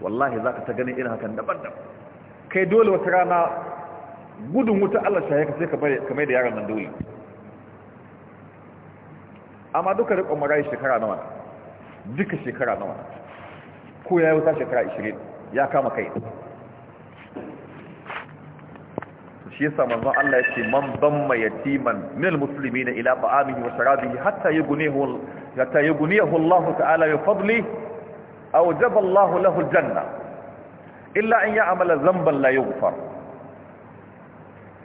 wallahi za ka ta ganin irin hakan daban-daban kai dole wata rana gudun wuta Allah shaye ka sai ka mai da yaran nan dole amma duka riƙon marayu shekara nawa duka shekara nawa ko ya yi wuta shekara 20 ya kama kai shi yasa manzon Allah yake man damma yatiman min almuslimin ila ta'amihi wa sharabihi hatta yughnihu hatta yughnihu Allah ta'ala bi fadli aw jaba Allah lahu aljanna illa an ya'mala dhanban la yughfar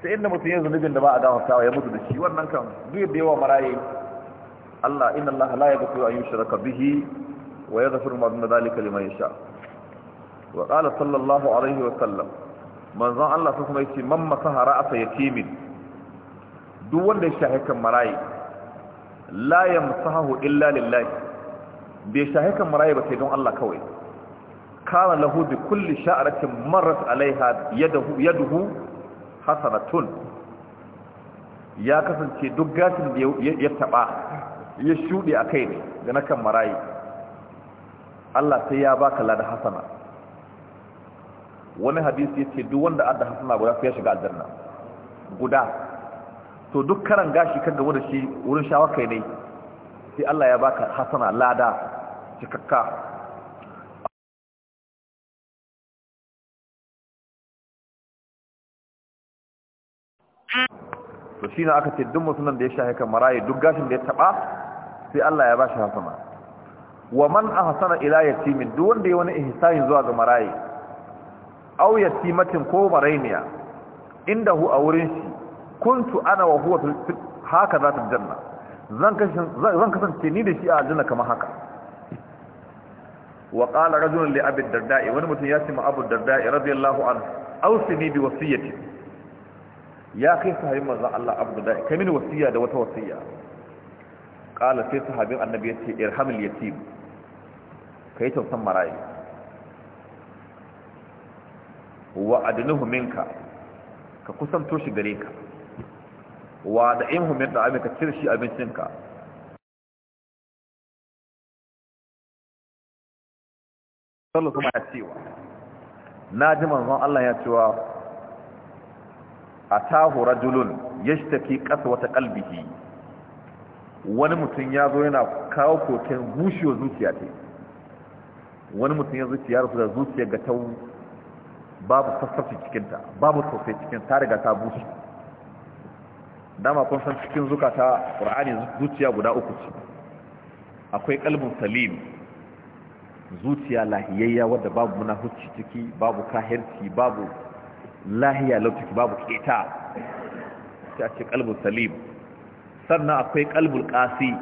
sai inda mutum yanzu zunubin da ba a dawo sawa ya mutu da shi wannan kan duk da yawa maraye Allah inna Allah la yaghfiru an yushraka bihi wa yaghfiru ma dun dhalika liman yasha wa qala sallallahu alaihi wa sallam manzon Allah su kuma yace man masaha ra'asa yatimin duk wanda ya shahe kan marayi la yamsahu illa lillahi bai shahe kan marayi ba sai don Allah kawai kana lahu bi kulli sha'ratin marrat alaiha yadahu yaduhu hasanatun ya kasance duk gashin da ya taba ya shude akai ne da na kan marayi Allah sai ya baka lada Hassana. wani hadisi ce duk wanda adda hasana guda sai ya shiga aljanna guda to duk karan gashi kan gaba da shi wurin shawar kai ne sai Allah ya baka hasana lada cikakka to shi na aka ce duk musulman da ya shahe kan maraye duk gashin da ya taba sai Allah ya ba shi hasana wa man ahsana ila yatimin duk wanda ya wani ihsani zuwa ga maraye aw yatimatin ko marainiya hu a wurin shi kuntu ana wa huwa haka za ta janna zan kasance ni da shi a aljanna kamar haka wa qala rajulun li abi darda'i wani mutum ya ce ma abu darda'i radiyallahu anhu awsini bi wasiyyati ya kai sahabi manzo Allah abu darda'i kai mini wasiya da wata wasiya qala sai sahabin annabi ya ce irhamil yatim kai tausan marayi wa adnuhu minka ka kusanto shi gare ka wa da imhu min da ka cire shi abincinka sallu kuma ya cewa na ji manzon Allah ya cewa atahu rajulun yashtaki qaswata qalbihi wani mutum ya zo yana kawo koken bushewa zuciya ce wani mutum ya zuciya rasu da zuciya ga ta babu sassafi cikinta babu sassafi cikin ta riga ta bushe dama kun san cikin zukata ƙur'ani zuciya guda uku ce akwai kalbin salim zuciya lahiyayya wadda babu munafuci ciki babu kahirci babu lahiya lautaki babu keta sai a ce kalbin salim sannan akwai kalbin kasi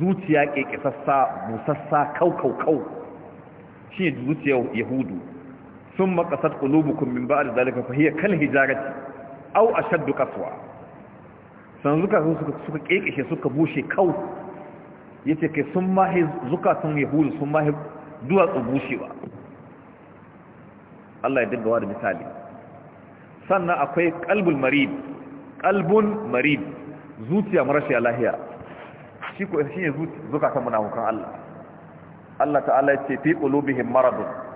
zuciya kekisassa musassa kau kau kau shi zuciya yahudu ثم قصد قلوبكم من بعد ذلك فهي كالهجارة أو أشد قطوة سنزكى سكى إيكشي سكى بوشي كو يتكى ثم هي زكى ثم يهول ثم هي دوال أبوشي وا الله يدد بوار مثالي سنة أقوي قلب المريد قلب مريد زوتي أمرشي الله هي شكو إيكشي زوتي زكى كمنا وكان الله الله تعالى يتكى في قلوبهم مرضون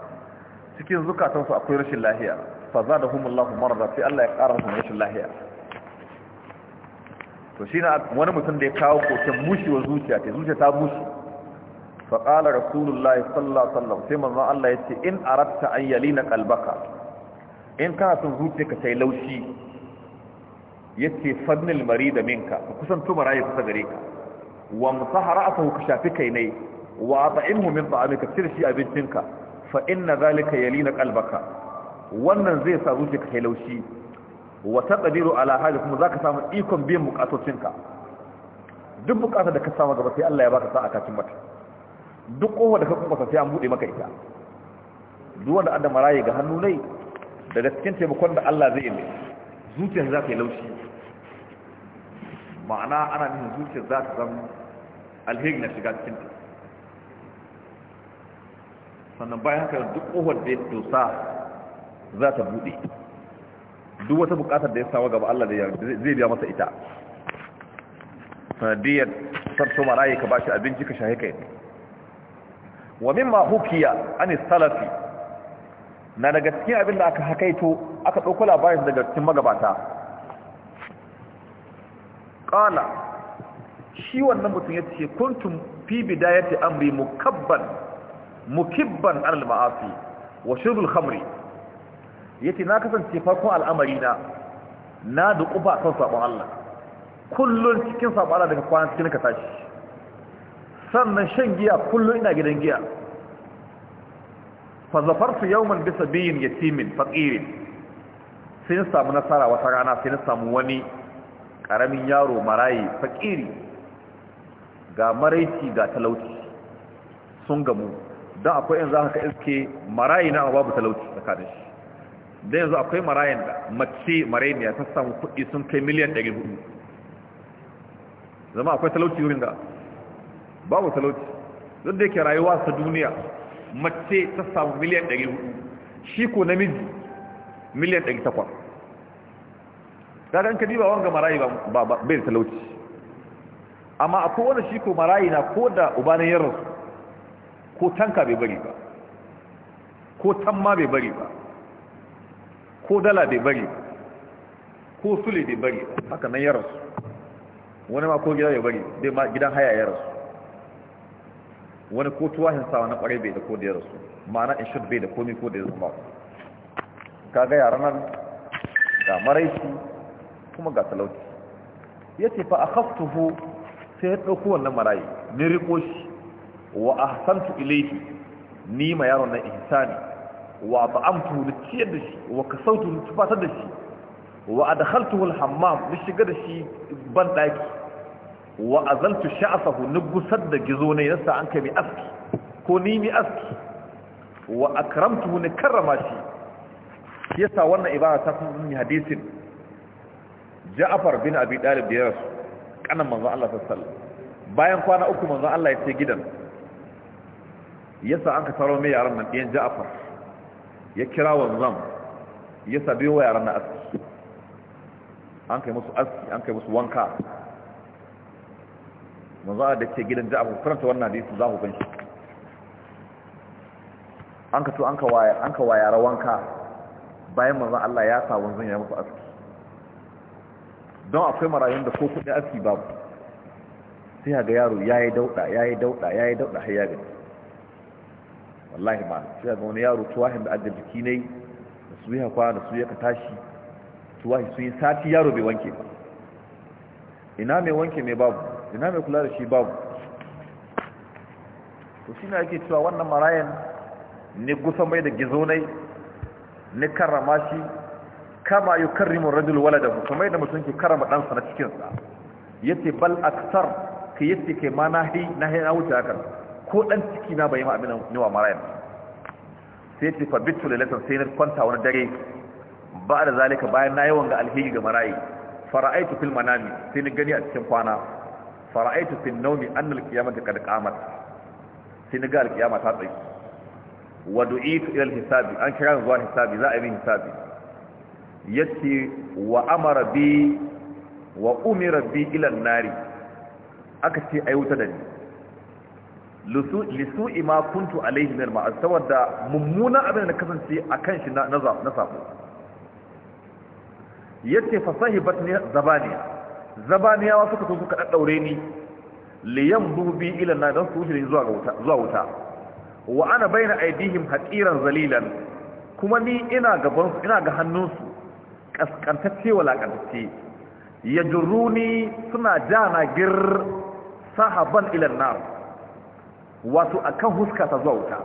cikin zukatansu akwai rashin lahiya fa za da humun lahu marada sai Allah ya ƙara musu rashin lahiya to shi na wani mutum da ya kawo koken mushewa zuciya ta zuciya ta mushe fa ƙala rasulullah sallallahu sallam sai manzon Allah ya ce in arabta an yali na kalbaka in kana son zuciya ka sai laushi ya ce mari da minka ka kusanto ya kusa gare ka wa musahara asahu ka shafi kai ne wa ta'imhu min ta'amika cire shi abincinka fa inna zalika yalina qalbaka wannan zai sa zuciyarka kai laushi wa taqdiru ala hada kuma zaka samu ikon biyan bukatocinka duk bukata da ka samu gaba sai Allah ya baka sa'a kacin mata duk kowa da ka kuma sai an bude maka ita duk wanda adam raye ga hannu ne daga cikin taimakon da Allah zai yi zuciyar za ta yi laushi ma'ana ana nufin zuciyar za ta zama alheri na shiga cikin ta sannan bayan haka duk kowar da ya dosa za ta bude duk wata buƙatar da ya sawa gaba Allah zai biya masa ita sanadiyar sarto marayi ka bashi abinci ka shahe kai wa mimma hukiya an salafi na daga cikin abin da aka hakaito aka ɗauko labarin daga cikin magabata Ƙala, shi wannan mutum yace kuntum fi bidayati amri mukabban mukibban al ma'asi wa shurbul khamri yace na kasance farkon al'amari na na da kuba kan sabon Allah kullun cikin sabon Allah daga kwana cikin ka tashi sannan shan giya kullun ina gidan giya fa zafartu yawman bi sabiyin yatimin faqirin sai na samu nasara wata rana sai na samu wani karamin yaro marayi faƙiri, ga maraici ga talauci sun gamu don akwai yanzu haka iske marayi na babu talauci tsakanin shi don yanzu akwai marayin da mace marayin ya ta samu kuɗi sun kai miliyan 400 zama akwai talauci wurin da babu talauci duk da yake rayuwa ta duniya mace ta samu miliyan 400 shi ko namiji miliyan 800 kadan kadi ba wanga marayi ba bai talauci amma akwai wani shi ko marayi na ko da ubanin yarrasu ko tanka bai bari ba ko tamma bai bari ba ko dala bai bari ba ko sule bai bari ba haka nan ya rasu wani ma ko gida bai bari bai ma gidan haya ya rasu wani ko tuwahin sawa na kwarai bai da ko da ya rasu ma'ana in shud bai da komi ko da ya zama ka ga yaran nan ga maraici kuma ga talauci ya ce fa a haftuhu sai ya ɗauko wannan marayi ne riko shi wa ahsantu ilayhi ni ma yaro nan ihsani wa ba'amtu ni ciyar da shi wa kasautu ni tufatar da shi wa adkhaltuhu al-hammam ni shiga da shi ban daki wa azaltu sha'sahu ni gusar da gizo ne yasa an kai mi aski ko ni mi aski wa akramtuhu ni karrama shi yasa wannan ibada ta fi hadisin Ja'far bin Abi Talib da ya rasu kanan manzon Allah sallallahu alaihi wasallam bayan kwana uku manzon Allah ya ce gidan yasa an taro mai yaran nan ɗiyan ja'afar ya kira wanzam ya sabi wa yaran na aski an kai musu aski an kai musu wanka manzo da ke gidan ja'afar faranta wannan da za ku gan shi an ka to an ka waya an ka wanka bayan manzo Allah ya sa wanzan ya musu aski don akwai marayun da ko kudi aski babu sai ga yaro yayi dauda yayi dauda yayi dauda har ya gani wallahi ba sai ga wani yaro tuwahin da adda jiki ne da su yi hakwa da su yi ka tashi tuwahi sun yi sati yaro bai wanke ba ina mai wanke mai babu ina mai kula da shi babu to shi ne ake cewa wannan marayan ne gusa mai da gizonai ne karrama shi kama yi karrimin rajul waladahu mai da mutum ke karama ɗansa na cikinsa yace bal aksar ka yace kai ma nahi nahi na wuce haka ko dan ciki na bai ma abin ni wa marayan sai ce fa bitu lalatan sai na kwanta wani dare ba da zalika bayan na yawan ga alheri ga marayi fara'aitu fil manami sai ni gani a cikin kwana fara'aitu fil nawmi annal qiyamata kad qamat sai ni ga alqiyama ta tsayi wa du'itu ila hisabi an kira zuwa hisabi za a yi hisabi yace wa amara bi wa umira bi ila nari aka ce ai wuta da ni lisu ima kuntu alaihi min ma'as saboda mummunan abin da kasance akan shi na na sabo yace fa sahibat ni zabaniya zabaniyawa suka so suka daddaure ni liyan dubi ila na don su shi zuwa wuta zuwa wuta wa ana baina aidihim haƙiran zalilan kuma ni ina gaban ina ga hannunsu kaskantacce walakantacce ni suna jana gir sahaban ila nar wato akan huska ta zuwa wuta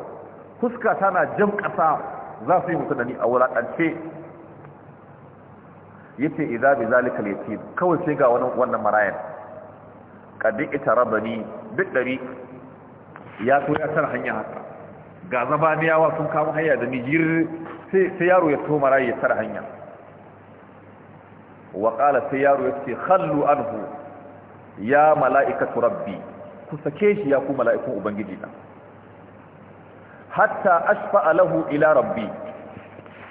huska tana jam ƙasa za su yi mutu da ni a wulaƙance yace idza bi zalika al-yatim kawai sai ga wannan wannan marayan kadi itarabani duk dari ya so ya tar hanya haka ga zabaniyawa sun kama hanya da nijir sai sai yaro ya to marayi ya tar hanya wa qala sai yaro yace khallu anhu ya mala'ikatu rabbi ku sake shi ya ku mala'ikun ubangiji na hatta ashfa lahu ila rabbi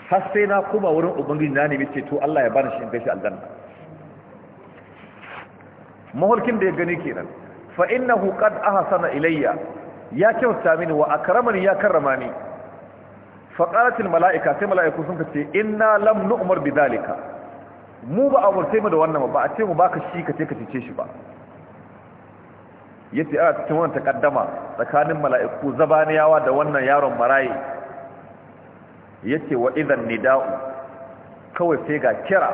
har sai na kuma wurin ubangiji na ne mace to Allah ya bani shi in kai aljanna mahulkin da ya gani kenan fa innahu qad ahsana ilayya ya kyauta mini wa akramani ya karrama ni fa qalat al mala'ika sai mala'iku sun kace inna lam nu'mar bidhalika mu ba amurtai mu da wannan ba a ce mu baka shi kace kace shi ba yace a cikin wannan takaddama tsakanin mala'iku zabaniyawa da wannan yaron marayi yace wa idan nida'u kawai sai ga kira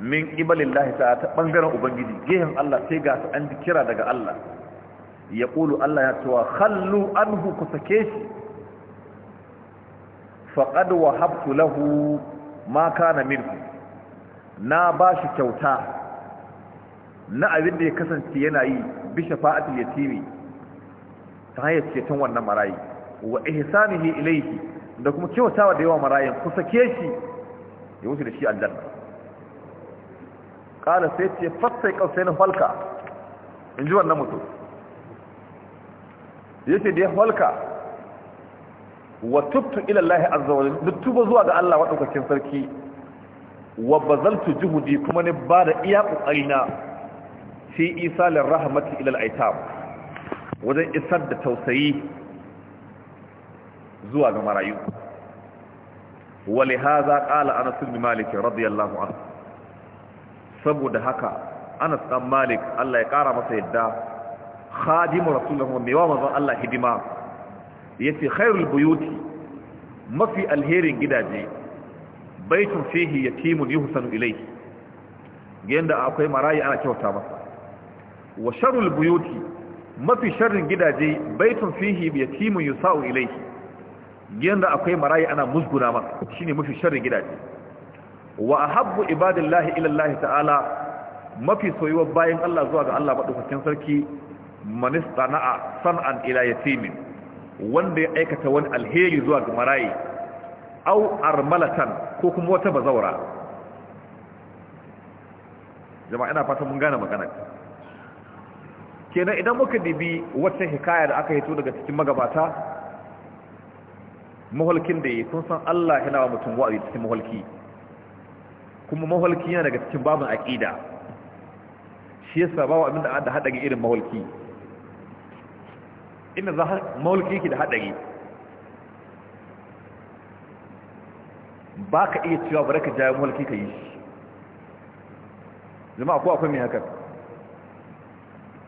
min ibalillahi ta ta bangaren ubangiji gehen Allah sai ga an ji kira daga Allah ya kulu Allah ya cewa khallu anhu ku sake shi faqad wahabtu lahu ma kana na bashi kyauta na abin da ya kasance yana yi bi shafa'atul yatimi ta hanyar ceton wannan marayi wa ihsanihi ilayhi da kuma kyautawa da yawa marayin ku sake shi ya wuce da shi aljanna qala sai ce fasai qausain halka in ji wannan mutum yace da ya halka wa tubtu ila Allah azza wa jalla tuba zuwa ga Allah wa sarki wa bazaltu juhudi kuma ne ba da iya kokarina fi isalin rahmatu ilal aitam wajen isar da tausayi zuwa ga marayu wale haza ƙala ana sulmi malik radiyallahu an saboda haka anas dan malik Allah ya ƙara masa yadda khadimu rasulullah mai wa manzon Allah hidima yace khairul buyuti mafi alherin gidaje baitun fihi yatimun yuhsanu ilayhi yanda akwai marayi ana kyauta masa wa sharul buyuti mafi sharrin gidaje baitun fihi yatimun yusau ilayhi gidan da akwai marayi ana musguna masa shine mafi sharrin gidaje wa ahabbu ibadillahi ila Allah ta'ala mafi soyuwar bayan Allah zuwa ga Allah madaukakin sarki manistana'a san'an ila yatimin wanda ya aikata wani alheri zuwa ga marayi au armalatan ko kuma wata bazaura jama'a ina fata mun gane magana kenan idan muka dibi wata hikaya da aka hito daga cikin magabata mahulkin da yi sun san Allah yana wa mutum wa'adi cikin mahulki kuma mahulki yana daga cikin babin aƙida shi yasa wa abin da da hadari irin mahulki inda za mahulki yake da ba ka iya cewa ka jayi mahulki yi shi zama ko akwai mai hakan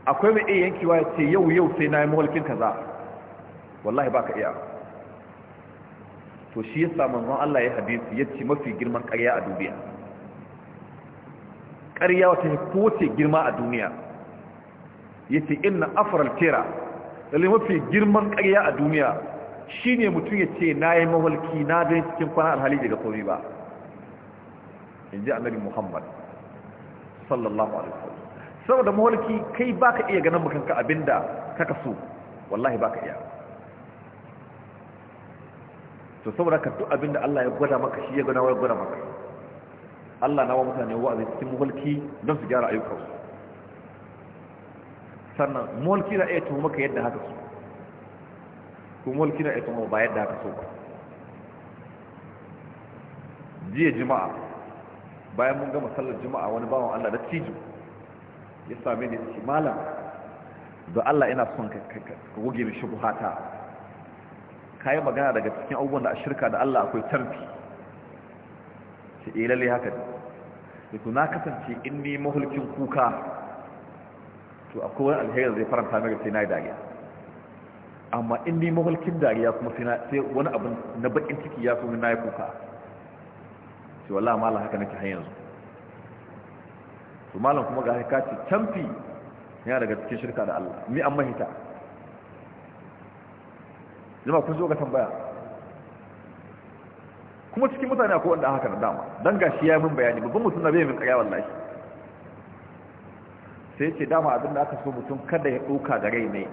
akwai mai iya yankewa ya ce yau yau sai na yi mawalkin kaza wallahi baka iya to shi yasa manzon Allah ya hadisi ya ce mafi girman ƙarya a duniya ƙarya wata ko ce girma a duniya ya ce inna afaral tera lalle mafi girman ƙarya a duniya shine mutum ya ce na yi mawalki na dai cikin kwana alhali daga kori ba in ji annabi muhammad sallallahu alaihi saboda mawalki kai baka iya ganin makanka abinda kaka so wallahi baka iya to saboda ka duk abinda Allah ya gwada maka shi ya gwada wa gwada maka Allah na wa mutane zai cikin mawalki don su gyara su. sannan mawalki na iya tuhu maka yadda haka so ko mawalki na iya tuhu ba yadda haka so ba jiya juma'a bayan mun gama sallar juma'a wani bawan Allah da cijo ya same ni ce malam da Allah ina son ka goge mi shubuhata kayi magana daga cikin abubuwan da a shirka da Allah akwai tarfi Sai eh haka ne ku na kasance in ni mahulkin kuka to akwai wani alheri zai faranta mai sai na dariya amma in ni mahulkin dariya kuma sai wani abin na bakin ciki ya so na yi kuka ce wallahi malam haka nake har yanzu to malam kuma ga haka ce canfi? yana daga cikin shirka da Allah mi an mahita Zama kun zo ga tambaya kuma cikin mutane akwai wanda haka da dama dan gashi ya yi min bayani babban mutum na bai min kaya wallahi sai ce dama abin da aka so mutum kada ya ɗauka da rai ne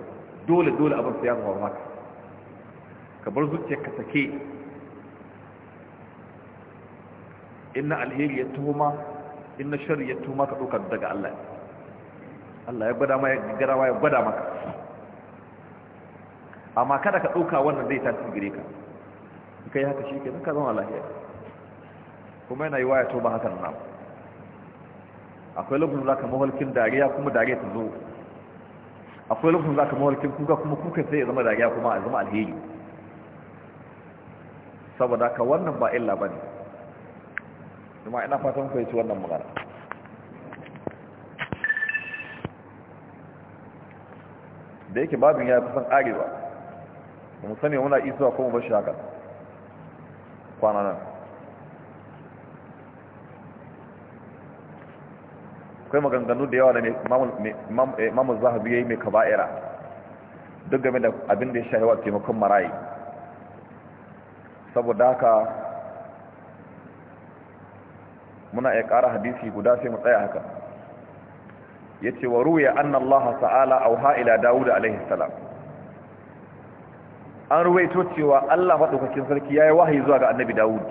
dole dole abin sai ya zama maka ka bar zuciya ka sake inna alheri ya tuhuma in na shari ya tuma ka ɗaukar daga Allah Allah ya gwada ma ya garawa ya gwada maka amma kada ka ɗauka wannan zai ta cikin gire ka kai haka shi ke ka zama lafiya kuma yana yi waya to ba hakan nan akwai lokacin za ka mahalkin dariya kuma dariya ta zo akwai lokacin za ka mahalkin kuka kuma kuka sai ya zama dariya kuma a zama alheri saboda ka wannan ba illa ba ne kuma ina fatan ku yi wannan magana da yake babin ya kusan arewa mu sani muna isuwa ko mu bar shi haka kwana nan akwai maganganu da yawa da mamu eh, zahabi ya yi mai kaba'ira duk game da abin da ya shahewa taimakon marayi saboda haka muna iya ƙara hadisi guda sai mu tsaya haka ya ce wa ruwa anna Allah ta'ala auha ila Dawud alaihi salam an ruwaito cewa Allah maɗaukakin sarki ya yi wahayi zuwa ga annabi Dawud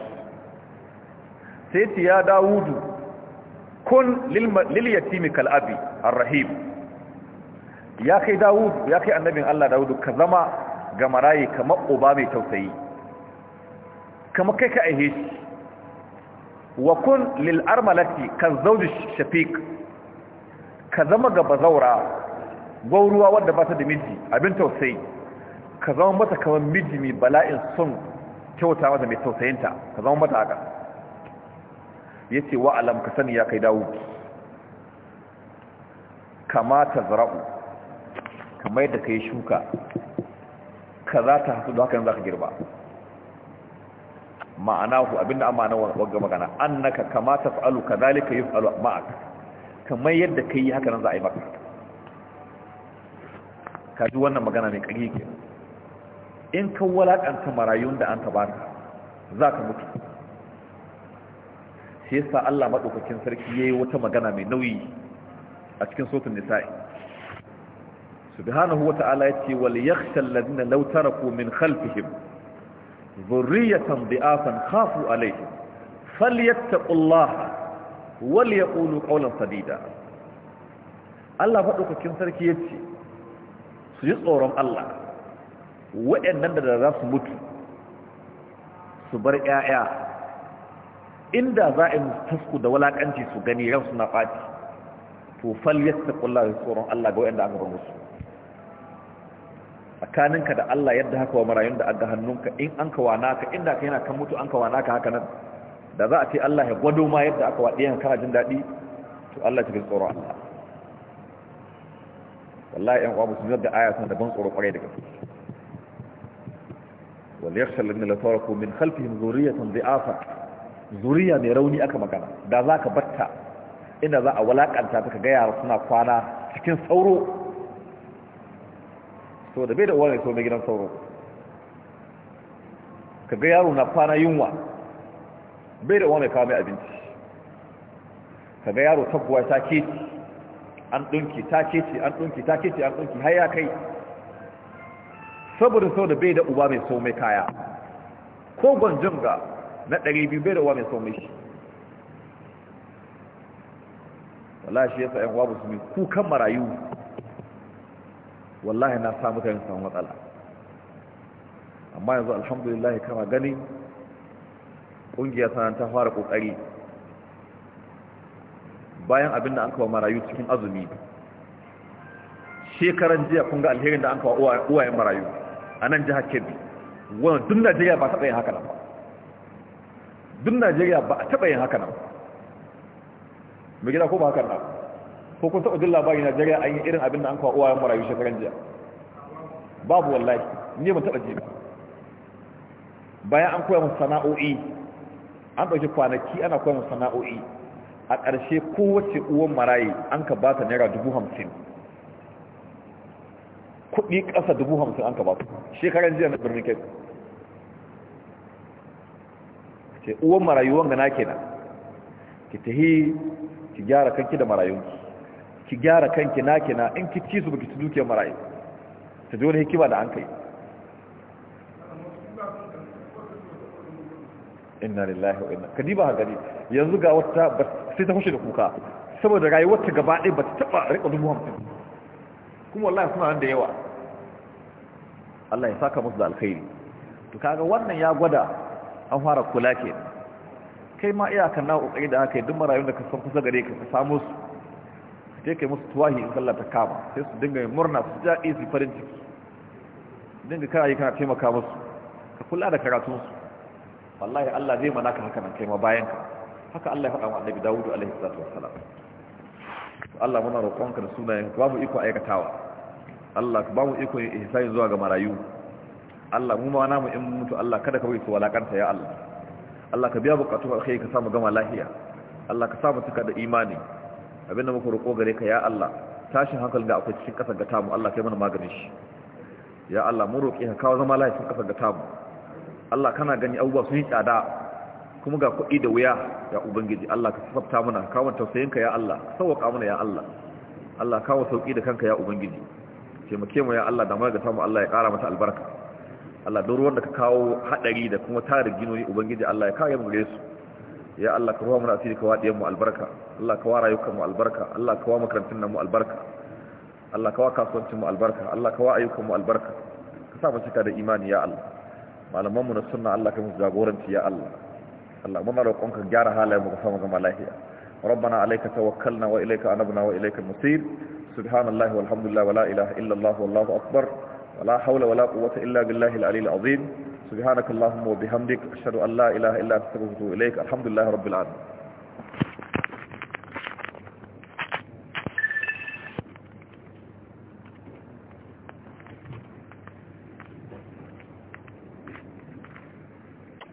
sai ce ya Dawudu kun lil yatimi kal abi rahim ya kai Dawud ya kai annabin Allah Dawudu ka zama ga marayi kamar uba mai tausayi kama kai ka aihe shi wa kun lil armalati kan zauji shafiq ka zama ga bazaura gwauruwa wadda ba ta da miji abin tausayi ka zama mata kamar miji mai bala'in sun kyauta mata mai tausayinta ka zama mata haka ya ce wa alam ka sani ya kai dawo kamata zara'u kamar yadda ka yi shuka ka za ta hasu da haka yanzu za ka girba ma'anahu abinda amana wagga magana annaka kama taf'alu kadhalika yaf'alu ma'ak kamar yadda kai haka nan za a yi maka ka ji wannan magana mai kage ke in ka walakanta marayun da an tabata za ka mutu shi yasa Allah madaukakin sarki yayi wata magana mai nauyi a cikin sotun nisa'i subhanahu wa ta'ala yace wal yakhsha alladhina law taraku min khalfihim zurriyatan bi'afan khafu alayhi falyattaqullaha wal yaqulu qawlan sadida Allah faɗaukakin sarki yace su yi tsoron Allah waɗannan da za su mutu su bar ƴaƴa inda za a tasku da walaƙanci su gani ran suna faɗi to falyattaqullaha tsoron Allah ga waɗanda aka bar musu tsakaninka da Allah yadda haka wa marayun da aga hannunka in an kawa naka inda ka yana kan mutu an kawa naka haka nan da za a ce Allah ya gwado ma yadda aka waɗe yanka kana jin daɗi to Allah ya cikin tsoro Allah wallahi yan uwa musulmi da aya suna daban tsoro kwarai da gaske wal yakhsha alladhina la taraku min khalfihim dhurriyatan dhi'afa zuriya mai rauni aka magana da za ka batta inda za a walakanta ta ka ga yara suna kwana cikin sauro da bai da uwa mai to mai gidan sauro ka ga yaro na kwana yunwa bai da uwa mai kawo mai abinci ka ga yaro tabbuwa ta keci an ɗunki ta keci an ɗunki ta keci an ɗunki har ya kai saboda da bai da uba mai so mai kaya ko gwanjin ga na ɗari biyu bai da uwa mai so mai shi wallahi shi yasa yan uwa mai kukan marayu wallahi na sa mutane samun matsala amma yanzu alhamdulillah kama gani ƙungiya sanar ta fara ƙoƙari bayan abin da an kawo marayu cikin azumi shekaran jiya kun ga alherin da an kawo uwayen marayu a nan jihar kebbi wani dun najeriya ba taɓa yin haka nan ba dun najeriya ba a taɓa yin haka nan ba mai gida ko ba haka nan ba ko kun taɓa jin labari najeriya an yi irin abin da an kawo uwayen marayu shekaran jiya babu wallahi ne mun taɓa ji ba bayan an koya musu sana'o'i an ɗauki kwanaki ana koya musu sana'o'i a ƙarshe kowace uwan marayi an ka ba ta naira dubu hamsin kuɗi ƙasa dubu hamsin an ka ba su shekaran jiya na birnin kai ce uwan marayuwan na kenan ki tahi ki gyara kanki da marayunki ki gyara kanki na kina in ki ci su baki ci marayi marayu ta ji wani hikima da an kai inna lillahi wa inna kadiba ha gari yanzu ga wata sai ta fashe da kuka saboda rayuwar ta gaba ɗaya ba ta taɓa riƙa dubu hamsin kuma wallahi suna nan da yawa Allah ya saka musu da alkhairi to kaga wannan ya gwada an fara kula ke kai ma iyakan na kokari da haka duk marayun da ka san kusa gare ka ka samu su sai kai musu tuwahi in sallah ta kama sai su dinga yin murna su daɗi su farin ciki dinga kana yi kana taimaka musu ka kula da karatunsu wallahi Allah zai mana ka haka nan kai ma bayan ka haka Allah ya faɗa wa Annabi Dawud alaihi salatu wassalam Allah muna roƙonka da sunayen ka babu iko aikatawa Allah ka babu iko ihsani zuwa ga marayu Allah mu ma mu in mutu Allah kada ka bai su walakanta ya Allah Allah ka biya bukatun alkhairi ka samu gama lafiya Allah ka samu tuka da imani abinda muka roƙo gare ka ya Allah tashin hankali da akwai cikin kasar gata mu Allah kai mana maganin shi ya Allah mu roƙe ka kawo zama lafiya cikin ƙasar gata mu Allah kana gani abubuwa sun yi tsada kuma ga kuɗi da wuya ya ubangiji Allah ka tsafta mana kawo tausayin ka ya Allah ka sauƙa mana ya Allah Allah kawo sauƙi da kanka ya ubangiji taimake mu ya Allah da mu ga tamu Allah ya ƙara mata albarka Allah duk ruwan da ka kawo haɗari da kuma tarin ginoyi ubangiji Allah ya kawo mu gare su ya Allah ka ruwa mu asiri ka wadiyan mu albarka Allah ka wara yukan mu albarka Allah ka wa makarantun nan mu albarka Allah ka wa kasuwancin mu albarka Allah ka wa ayyukan mu albarka ka sa mu cika da imani ya Allah malaman mu na sunna Allah ka mu jagoranci ya Allah Allah muna roƙon ka gyara halayen mu ka sa mu zama lafiya ربنا عليك توكلنا وإليك أنبنا وإليك المصير سبحان الله والحمد لله ولا إله إلا الله والله أكبر ولا حول ولا قوة إلا بالله العلي العظيم سبحانك اللهم وبحمدك أشهد أن لا إله إلا أنت أستغفرك إليك الحمد لله رب العالمين